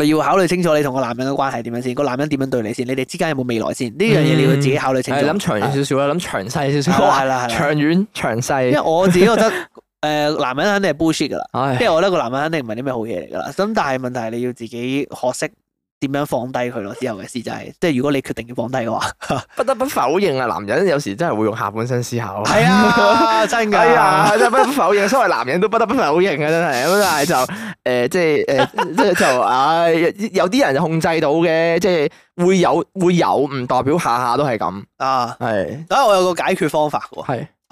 你要考慮清楚你同個男人嘅關係點樣先，個男人點樣對你先，你哋之間有冇未來先。呢樣嘢你要自己考慮清楚。諗、嗯、長遠少少啦，諗是詳細少少哇。長遠詳細。 [laughs] 因為我自己我覺得。 [laughs] 誒男人肯定係 bullshit 㗎啦，即係、哎、我覺得個男人肯定唔係啲咩好嘢嚟㗎啦。咁但係問題係你要自己學識點樣放低佢咯。之後嘅事就係，即係如果你決定要放低嘅話， [laughs] 不得不否認啊！男人有時真係會用下半身思考。係啊、哎，真㗎。係啊、哎呀，嗯、真係不得不否認，所謂男人都不得不否認啊！真係咁， [laughs] 但係就誒即係誒即係就唉、是呃就是呃就是呃，有啲人就控制到嘅，即係會有會有，唔代表下下都係咁啊。係是，但係我有個解決方法㗎喎。 [laughs] [laughs]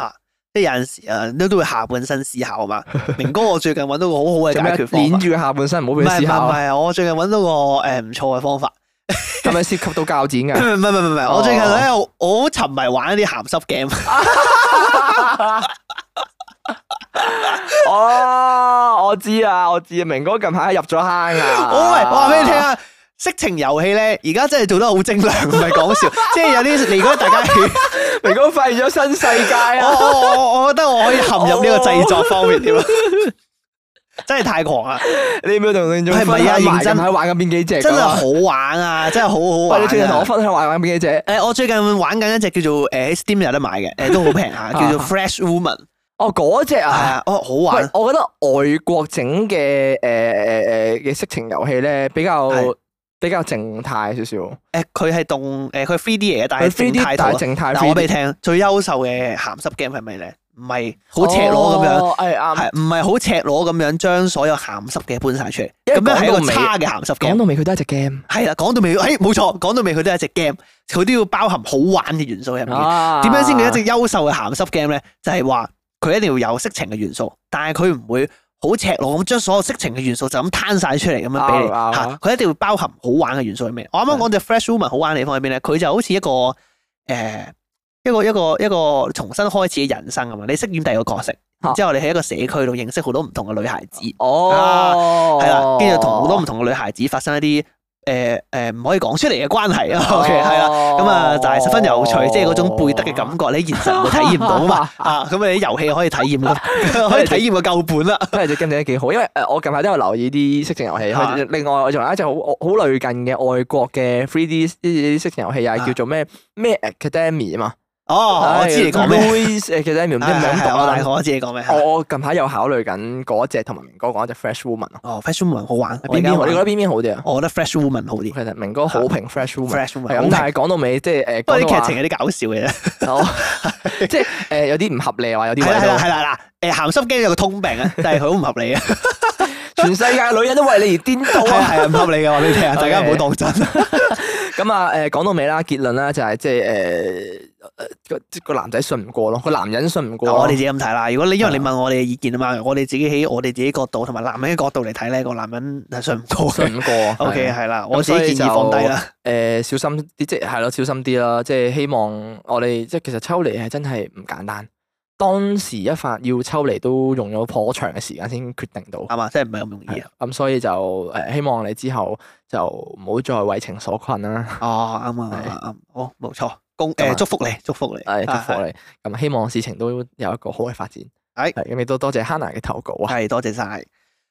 即係有陣時啊，都都會下半身思考啊嘛。明哥，我最近揾到個好好嘅解決方法，黏 [laughs] 住下半身，唔好俾思考。唔係唔係，我最近揾到個誒唔錯嘅方法，係 [laughs] 咪涉及到鉸剪噶？唔係唔係唔係，哦、我最近喺度，好沉迷玩一啲鹹濕 game。 [laughs] [laughs] 哦，我知啊，我知啊，明哥近排入咗坑啊！我、 [laughs] 哦、喂，我話俾你聽、哦、啊。色情遊戲咧，而家真係做得好精良，唔係講笑， [laughs] 即係有啲。如果大家，啊、 [laughs] 如果發現咗新世界啦、啊 [laughs] 哦！我我覺得我可以陷入呢個製作方面點啊！ [laughs] 真係太狂啦！ [laughs] 你唔冇同？係咪啊？而家最近喺玩緊邊幾隻？真係好玩啊！真係好好玩、啊。你最近同我分享玩緊邊幾隻？誒、欸，我最近玩緊一隻叫做誒、呃、Steam 有得買嘅，誒都好平啊， [laughs] 叫做 Fresh Woman。啊、哦，嗰隻啊，係啊、 [laughs] 嗯，哦好玩。我覺得外國整嘅誒誒誒嘅色情遊戲咧比較，比較靜態少少，誒、欸，佢係動，誒、呃，佢係 3D 嚟嘅，但係靜態，但係靜態。我俾你聽，最優秀嘅鹹濕 game 係咪咧？唔係好赤裸咁樣，係唔係好赤裸咁樣將所有鹹濕嘅搬晒出嚟？咁樣係一個差嘅鹹濕 game。講到尾佢都係隻 game，係啦，講到尾，誒，冇錯，講到尾佢都係隻 game，佢都要包含好玩嘅元素入面。點、啊、樣先叫一隻優秀嘅鹹濕 game 咧？就係話佢一定要有色情嘅元素，但係佢唔會。好赤裸咁將所有色情嘅元素就咁攤晒出嚟咁樣俾你嚇，佢、啊啊、一定會包含好玩嘅元素喺咩？啊啊、我啱啱講嘅 Fresh Woman 好玩嘅地方喺邊咧？佢就好似一個誒、呃、一個一個一個，一個重新開始嘅人生咁嘛。你飾演第二個角色，之、啊、後你喺一個社區度認識好多唔同嘅女孩子，哦、啊，係啦、啊，跟住同好多唔同嘅女孩子發生一啲誒誒，唔可以講出嚟嘅關係，OK，係啦，咁啊，就係、是、十分有趣，即係嗰種背德嘅感覺，你現實會體驗到嘛？ [laughs] 啊，咁你遊戲可以體驗啦， [laughs] [laughs] 可以體驗個夠本啦，真係做得幾好。因為誒，我近排都有留意啲色情遊戲啊。另外，我仲有一隻好好類近嘅外國嘅 three D 色情遊戲啊，叫做咩咩 Academy 啊嘛。os ic os ic 哦，我知你講咩？其實明哥唔知點講啊，但係我講咩？我近排有考慮緊嗰隻同埋明哥講嗰隻 Fresh Woman 哦，Fresh Woman 好玩，我現邊邊你覺得邊邊好啲啊？我覺得 Fresh Woman 好啲。Okay, 明哥好評 Fresh, 的 Fresh Woman。咁，但係講到尾即係誒，啲、呃、劇情有啲搞笑嘅。 [laughs] 好，即係誒、呃、有啲唔合理話，有啲係啦係啦嗱。誒鹹濕雞有個通病啊，就係佢好唔合理啊！全世界女人都為你而顛倒係啊，唔合理嘅話你聽、啊， [laughs] [laughs] 大家唔好當真咁啊誒，講、呃、到尾啦，結論啦就係、是、即係誒。呃個個男仔信唔過咯，個男人信唔過。哦、我哋自己咁睇啦，如果你因為你問我哋嘅意見啊嘛，嗯、我哋自己喺我哋自己角度同埋男人嘅角度嚟睇咧，個男人係信唔到，信唔過。O K 係啦，okay, 嗯、我自己建議放低啦。誒、呃，小心啲，即係咯，小心啲啦。即、就、係、是、希望我哋即係其實抽離係真係唔簡單。當時一發要抽離都用咗頗長嘅時間先決定到，係嘛？即係唔係咁容易啊。咁、嗯、所以就誒，希望你之後就唔好再為情所困啦。哦，啱啊，啱，好，冇錯。誒，祝福你，祝福你，係祝福你，咁希望事情都有一個好嘅發展。係是，咁亦都多謝 Hannah 嘅投稿啊。係，多謝晒。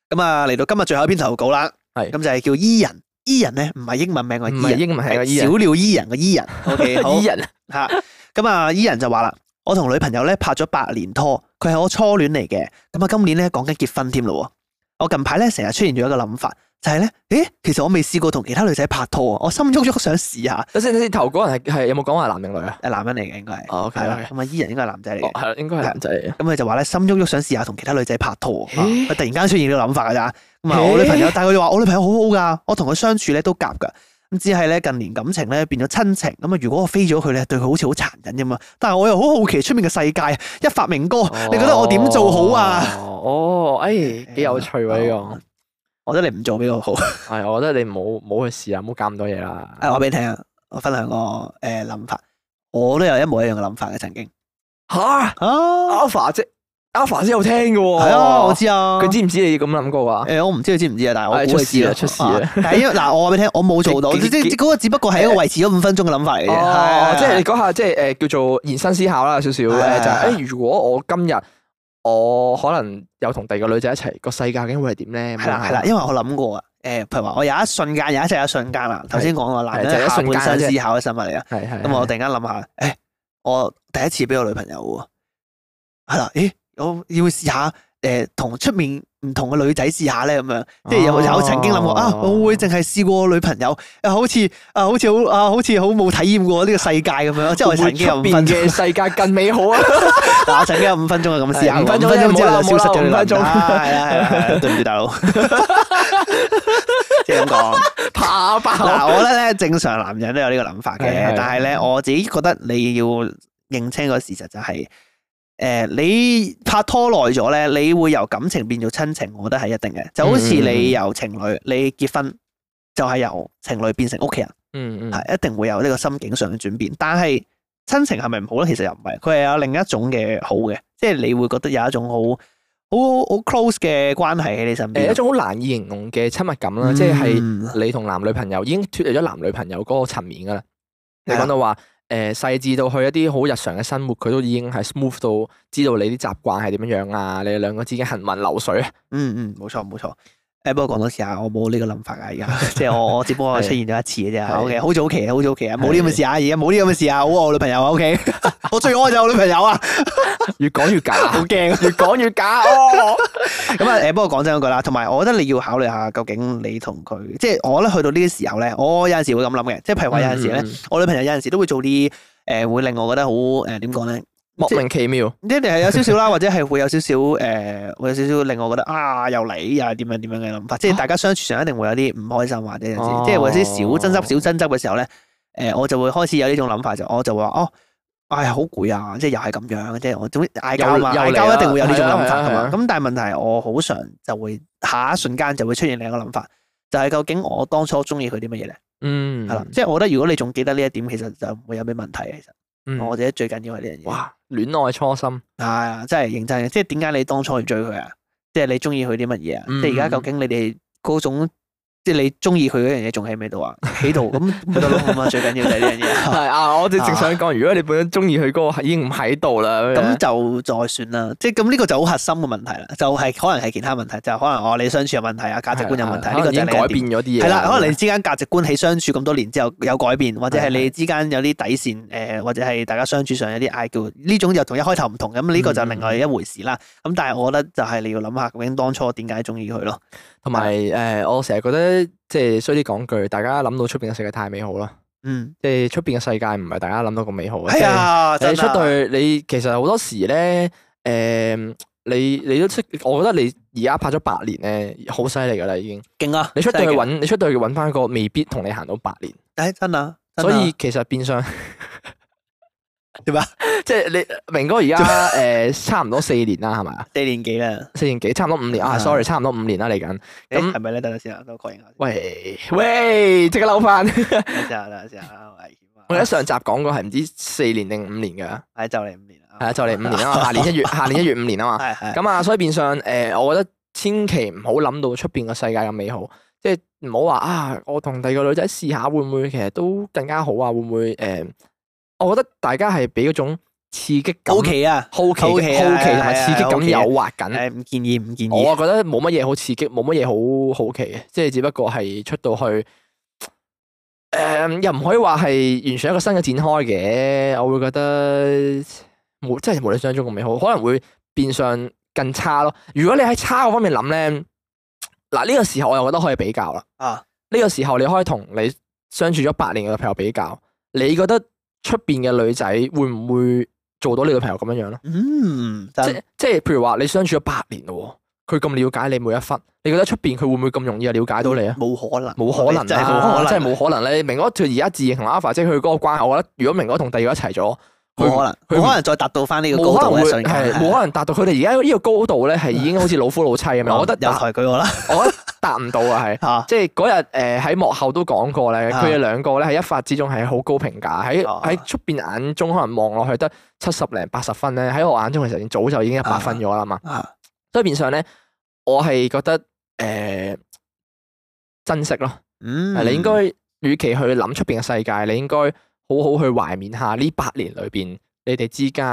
咁啊，嚟到今日最後一篇投稿啦。係是，咁就係叫伊人。伊人咧唔係英文名啊，唔係英文係啊，I an, 小鳥伊人嘅伊人。O、okay, K，好，伊人吓。咁啊，伊人就話啦，我同女朋友咧拍咗八年拖，佢係我初戀嚟嘅。咁啊，今年咧講緊結婚添咯。我近排咧成日出現咗一個諗法。就係咧，誒，其實我未試過同其他女仔拍拖，我心喐喐想試下。頭嗰人係有冇講話男定女啊？係男人嚟嘅，應該係。哦，OK，咁啊，伊人應該係男仔嚟嘅。係啦，應該係男仔嚟。咁佢就話咧，心喐喐想試下同其他女仔拍拖，佢突然間出現呢個諗法噶咋。咁啊，我女朋友，但係佢就話我女朋友好好噶，我同佢相處咧都夾噶，咁只係咧近年感情咧變咗親情。咁啊，如果我飛咗佢咧，對佢好似好殘忍啫嘛。但係我又好好奇出面嘅世界，一發明哥，你覺得我點做好啊？哦，誒，幾有趣喎呢個。我覺得你唔做比較好。係，我覺得你唔好去試啊，唔好搞咁多嘢啦。誒，我俾你聽啊，我分享個誒諗法，我都有一模一樣嘅諗法嘅曾經。嚇啊！Alpha 啫，Alpha 先有聽㗎喎。係啊，我知啊。佢知唔知你咁諗過啊？誒，我唔知佢知唔知啊，但係我出事啦，出事啦。係因為嗱，我話俾你聽，我冇做到，即係嗰個只不過係一個維持咗五分鐘嘅諗法嚟嘅。哦，即係你講下，即係誒叫做延伸思考啦，少少誒就誒。如果我今日我可能有同第二個女仔一齊，個世界究竟會係點咧？係啦係啦，因為我諗過啊，誒、欸，譬如話我有一瞬間，有一只有一瞬間啦，頭先講個男嘅本身思考嘅生物嚟噶，咁我突然間諗下，誒、欸，我第一次俾我女朋友喎，係啦，咦、欸，我要試下。誒，同出面唔同嘅女仔試下咧，咁樣即係有有曾經諗過啊，我會淨係試過女朋友，好似啊，好似好啊，好似好冇體驗過呢個世界咁樣，即係我曾經出面嘅世界更美好啊！嗱，我曾經有五分鐘係咁嘅事，五分鐘之後消失咗啦，係係係，對唔住大佬，即係咁講，怕爆嗱！我覺得咧正常男人都有呢個諗法嘅，但係咧我自己覺得你要認清個事實就係。誒，你拍拖耐咗咧，你會由感情變做親情，我覺得係一定嘅。就好似你由情侶，你結婚就係、是、由情侶變成屋企人，係、嗯嗯、一定會有呢個心境上嘅轉變。但係親情係咪唔好咧？其實又唔係，佢係有另一種嘅好嘅，即係你會覺得有一種好好好 close 嘅關係喺你身邊、呃，一種好難以形容嘅親密感啦。即係、嗯、你同男女朋友已經脫離咗男女朋友嗰個層面噶啦。的你講到話。誒，細緻到去一啲好日常嘅生活，佢都已經係 smooth 到知道你啲習慣係點樣啊！你哋兩個之間行雲流水啊、嗯！嗯嗯，冇錯冇錯。誒、哎，不過講多次啊，我冇呢個諗法啊，而家 [laughs] 即係我我只不過出現咗一次嘅啫。O K，好早期，好早期啊，冇呢咁嘅事啊，而家冇呢咁嘅事啊，好愛我女朋友啊，O K，我最愛就我女朋友啊，越講越假，好驚啊，越講越假，哦，咁啊，誒，不過講真嗰句啦，同埋我覺得你要考慮下，究竟你同佢，即、就、係、是、我咧去到呢啲時候咧，我有陣時會咁諗嘅，即係譬如話有陣時咧，我女朋友有陣時都會做啲誒、呃，會令我覺得好誒，點講咧？呃莫名其妙，一定係有少少啦，或者係會有少少，誒、呃，會有少少令我覺得啊，又你又係點樣點樣嘅諗法，即係大家相處上一定會有啲唔開心或者，即係或者少爭執少爭執嘅時候咧，誒、呃，我就會開始有呢種諗法，就我就話哦，唉、哎，好攰啊，即係又係咁樣，即係我總之嗌交嘛，嗌、啊、交一定會有呢種諗法噶嘛，咁、啊啊啊、但係問題係我好常就會下一瞬間就會出現另一個諗法，就係、是、究竟我當初中意佢啲乜嘢咧？嗯，係啦、嗯，即係我覺得如果你仲記得呢一點，其實就唔會有咩問題其實，嗯，我哋最緊要係呢樣嘢，哇！戀愛初心，係啊，真係認真嘅。即係點解你當初要追佢啊？即係你鍾意佢啲乜嘢啊？嗯、即係而家究竟你哋嗰種。即係你中意佢嗰樣嘢仲喺咩度啊？喺度咁咪得咯，咁啊最緊要就係呢樣嘢。係啊，我哋正想講，如果你本身中意佢個，已經唔喺度啦，咁就再算啦。即係咁呢個就好核心嘅問題啦，就係、是、可能係其他問題，就是、可能我哋、哦、相處嘅問題啊，價值觀有問題。呢的個已經改變咗啲嘢。係啦，可能你之間價值觀喺相處咁多年之後有改變，或者係你之間有啲底線誒、呃，或者係大家相處上有啲嗌叫，呢種就同一開頭唔同。咁呢個就另外一回事啦。咁、嗯、但係我覺得就係你要諗下，究竟當初點解中意佢咯？同埋誒，我成日覺得。即係衰啲講句，大家諗到出邊嘅世界太美好啦。嗯，即係出邊嘅世界唔係大家諗到咁美好嘅。係啊、哎呀，你出到，的你其實好多時咧，誒、呃，你你都識，我覺得你而家拍咗八年咧，好犀利噶啦，已經勁啊你害你！你出到去搵，你出到去搵翻個未必同你行到八年。誒、哎，真啊！真啊，所以其實變相。 [laughs] 對吧？即係你明哥而家，誒，差唔多四年啦，係咪啊？四年幾啦？四年幾，差唔多五年啊？Sorry，差唔多五年啦，嚟緊咁係咪咧？等陣先啦，等我確認下。喂喂，即刻嬲翻。等下等下，好危險啊！我喺上集講過，係唔知四年定五年噶。係就嚟五年啦。係啊，就嚟五年啦。下年一月，下年一月五年啊嘛。係係。咁啊，所以變相誒，我覺得千祈唔好諗到出邊個世界咁美好，即係唔好話啊，我同第二個女仔試下會唔會，其實都更加好啊？會唔會誒？我覺得大家係俾嗰種刺激感，好奇啊，好奇好奇同埋刺激感誘惑緊。唔建議，唔建議。我啊覺得冇乜嘢好刺激，冇乜嘢好好奇嘅，即係只不過係出到去誒、呃，又唔可以話係完全一個新嘅展開嘅。我會覺得冇，即係冇你想象中咁美好，可能會變相更差咯。如果你喺差嗰方面諗咧，嗱呢，這個時候我又覺得可以比較啦。啊，呢個時候你可以同你相處咗八年嘅朋友比較，你覺得？出邊嘅女仔會唔會做到你個朋友咁樣樣咧？嗯，即即係譬如話你相處咗八年咯，佢咁了解你每一分，你覺得出邊佢會唔會咁容易啊了解到你啊？冇可能，冇可，可能，就係冇可能，即係冇可能咧！明哥佢而家自認同 Alpha 即係佢嗰個關係，我覺得如果明哥同第二個一齊咗。冇可能，冇可能再達到翻呢個高度嘅瞬間，冇可能達到佢哋而家呢個高度咧，係已經好似老夫老妻咁樣。我覺得又抬舉我啦，我達唔到啊，係，即係嗰日誒喺幕後都講過咧，佢哋兩個咧喺一發之中係好高評價，喺喺出邊眼中可能望落去得七十零八十分咧，喺我眼中其實已經早就已經一百分咗啦嘛，所以變相咧我係覺得誒珍惜咯，係你應該與其去諗出邊嘅世界，你應該。好好去懷緬下呢八年裏邊你哋之間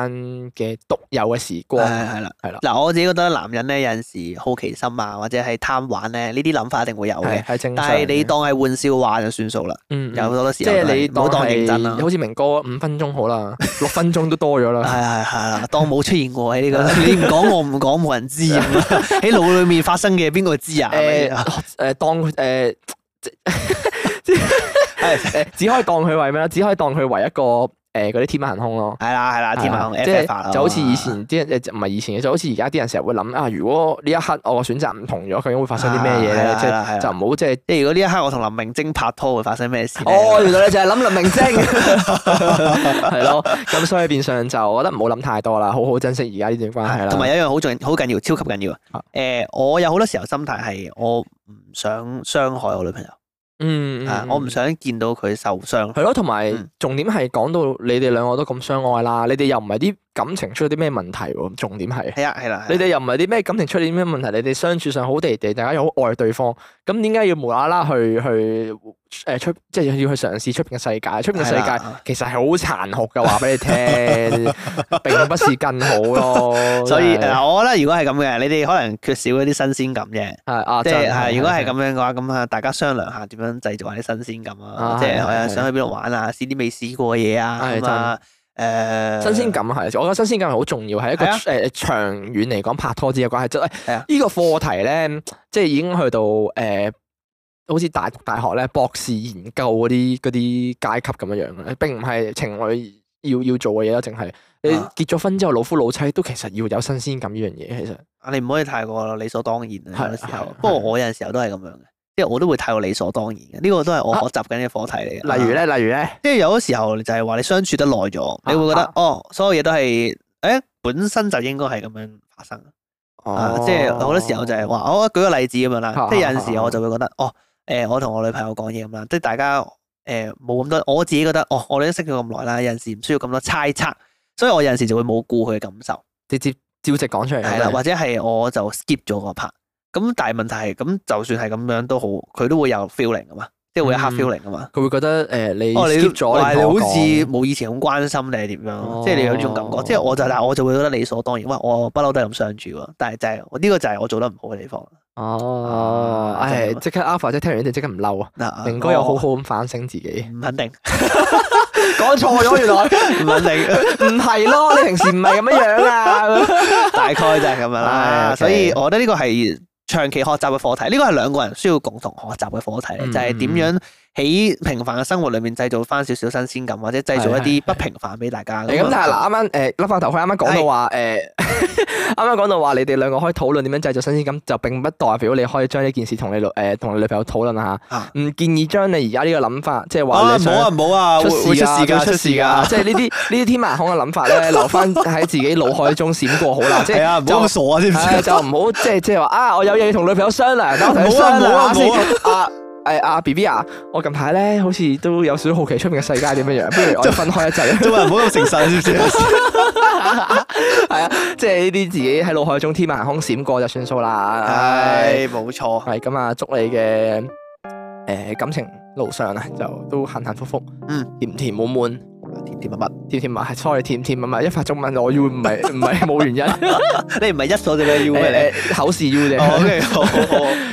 嘅獨有嘅時光，係啦，係啦嗱，我自己覺得男人咧有陣時好奇心啊，或者係貪玩咧，呢啲諗法一定會有嘅。係正常，但係你當係玩笑話就算數啦。嗯，有好多時，即係你唔好當認真啦。好似明哥五分鐘好啦，六分鐘都多咗啦。係係係啦，當冇出現過喺呢個，你唔講我唔講，冇人知。喺腦裏面發生嘅邊個知啊？誒誒，當誒。誒， [laughs] [laughs] 只可以當佢為咩咯？只可以當佢為一個誒嗰啲天馬行空咯。係啦係啦，天馬行空即係就好似以前啲誒，唔、呃、係以前嘅，就好似而家啲人成日會諗啊，如果呢一刻我嘅選擇唔同咗，究竟會發生啲咩嘢？即係、啊、就唔好即係。就是、如果呢一刻我同林明禎拍拖，會發生咩事？哦，我原來你就係諗林明禎， [laughs] [laughs] [laughs] 係咯。咁所以變相就我覺得唔好諗太多啦，好好珍惜而家呢段關係啦。同埋有一樣好重好緊要，超級緊要。誒、呃，我有好多時候心態係我唔想傷害我女朋友。嗯，啊，我唔想見到佢受傷。係咯，同埋、嗯、重點係講到你哋兩個都咁相愛啦，你哋又唔係啲感情出咗啲咩問題？重點係，係啦係啦，你哋又唔係啲咩感情出咗啲咩問題？你哋相處上好地地，大家又好愛對方，咁點解要無啦啦去去誒出即係要去嘗試出邊嘅世界？出邊嘅世界其實係好殘酷嘅，話俾你聽，並不是更好咯。所以我覺得，如果係咁嘅，你哋可能缺少一啲新鮮感嘅。係啊，即係如果係咁樣嘅話，咁啊大家商量下點樣製造一啲新鮮感啊？即係想去邊度玩啊，試啲未試過嘅嘢啊啊。誒，嗯、新鮮感係，我覺得新鮮感係好重要，係一個誒、啊呃、長遠嚟講拍拖之嘅關係。即係呢個課題咧，即係已經去到誒、呃，好似大大學咧，博士研究嗰啲嗰啲階級咁樣樣並唔係情侶要要做嘅嘢啦，淨係你結咗婚之後老夫老妻都其實要有新鮮感呢樣嘢，啊、其實。啊，你唔可以太過理所當然啊！有時候，啊啊啊、不過我有陣時候都係咁樣嘅。因為我都會睇到理所當然嘅，呢、這個都係我學習緊嘅課題嚟嘅。啊啊、例如咧，例如咧，即係有時候就係話你相處得耐咗，你會覺得、啊、哦，所有嘢都係誒，本身就應該係咁樣發生、哦、啊。即係好多時候就係、是、話，我舉個例子咁樣啦。啊、即係有陣時我就會覺得、啊、哦，誒、呃，我同我女朋友講嘢咁樣，即係大家誒冇咁多，我自己覺得哦，我哋都識咗咁耐啦，有陣時唔需要咁多猜測，所以我有陣時就會冇顧佢嘅感受，直接照直講出嚟係啦，或者係我就 skip 咗個 part。咁但係問題係咁就算係咁樣都好，佢都會有 feeling 啊嘛，即係會有一刻 feeling 啊嘛，佢會覺得誒你哦你咗，但係好似冇以前咁關心你點樣，即係你有呢種感覺，即係我就但我就會覺得理所當然，哇我不嬲都係咁相處喎，但係就係呢個就係我做得唔好嘅地方。哦，即刻 Alpha 即係聽完就即刻唔嬲啊，明哥又好好咁反省自己，唔肯定，講錯咗原來唔肯定，唔係咯，你平時唔係咁樣啊，大概就係咁樣啦，所以我覺得呢個係長期學習嘅課題，呢個係兩個人需要共同學習嘅課題，就係點樣。喺平凡嘅生活裏面製造翻少少新鮮感，或者製造一啲不平凡俾大家。咁但係嗱啱啱誒，甩翻頭，佢啱啱講到話誒，啱啱講到話你哋兩個可以討論點樣製造新鮮感，就並不代表你可以將呢件事同你女誒同你女朋友討論下。唔建議將你而家呢個諗法，即係話唔好啊唔好啊，出事啊出事噶，即係呢啲呢啲天馬行空嘅諗法咧，留翻喺自己腦海中閃過好啦。係啊，唔好咁傻啊，知唔知啊？就唔好即係即係話啊！我有嘢要同女朋友商量，等我係、哎、啊，B B 啊，我近排咧，好似都有少少好奇出面嘅世界點樣樣，不如我哋分開一陣，做人唔好咁誠實，知唔知啊？係啊，即係呢啲自己喺腦海中天馬行空閃過就算數啦。係、哎，冇錯是。係咁啊，祝你嘅誒、呃、感情路上啊，就都幸幸福福，嗯、甜甜滿滿。甜甜蜜蜜，甜甜蜜，係，sorry，甜甜蜜蜜一發中文我要唔係，唔係冇原因，你唔係一鎖定嘅 U 咩？你口試要嘅，OK，好，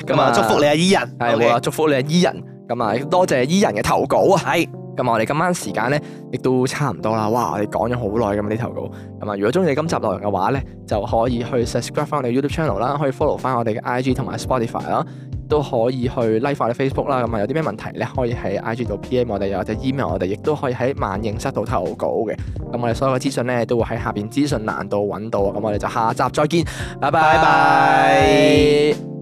咁啊，祝福你啊，伊人，係，好祝福你啊，伊人，咁啊，多謝伊人嘅投稿啊，係，咁啊，我哋今晚時間咧亦都差唔多啦，哇，我哋講咗好耐咁啊呢投稿，咁啊，如果中意我今集內容嘅話咧，就可以去 subscribe 翻我哋 YouTube channel 啦，可以 follow 翻我哋嘅 IG 同埋 Spotify 啦。都可以去 like Facebook 啦，咁啊有啲咩問題咧，可以喺 IG 度 PM 我哋，又或者 email 我哋，亦都可以喺萬應室度投稿嘅。咁我哋所有嘅資訊咧，都會喺下邊資訊欄度揾到。咁我哋就下集再見，拜拜 bye。Bye bye。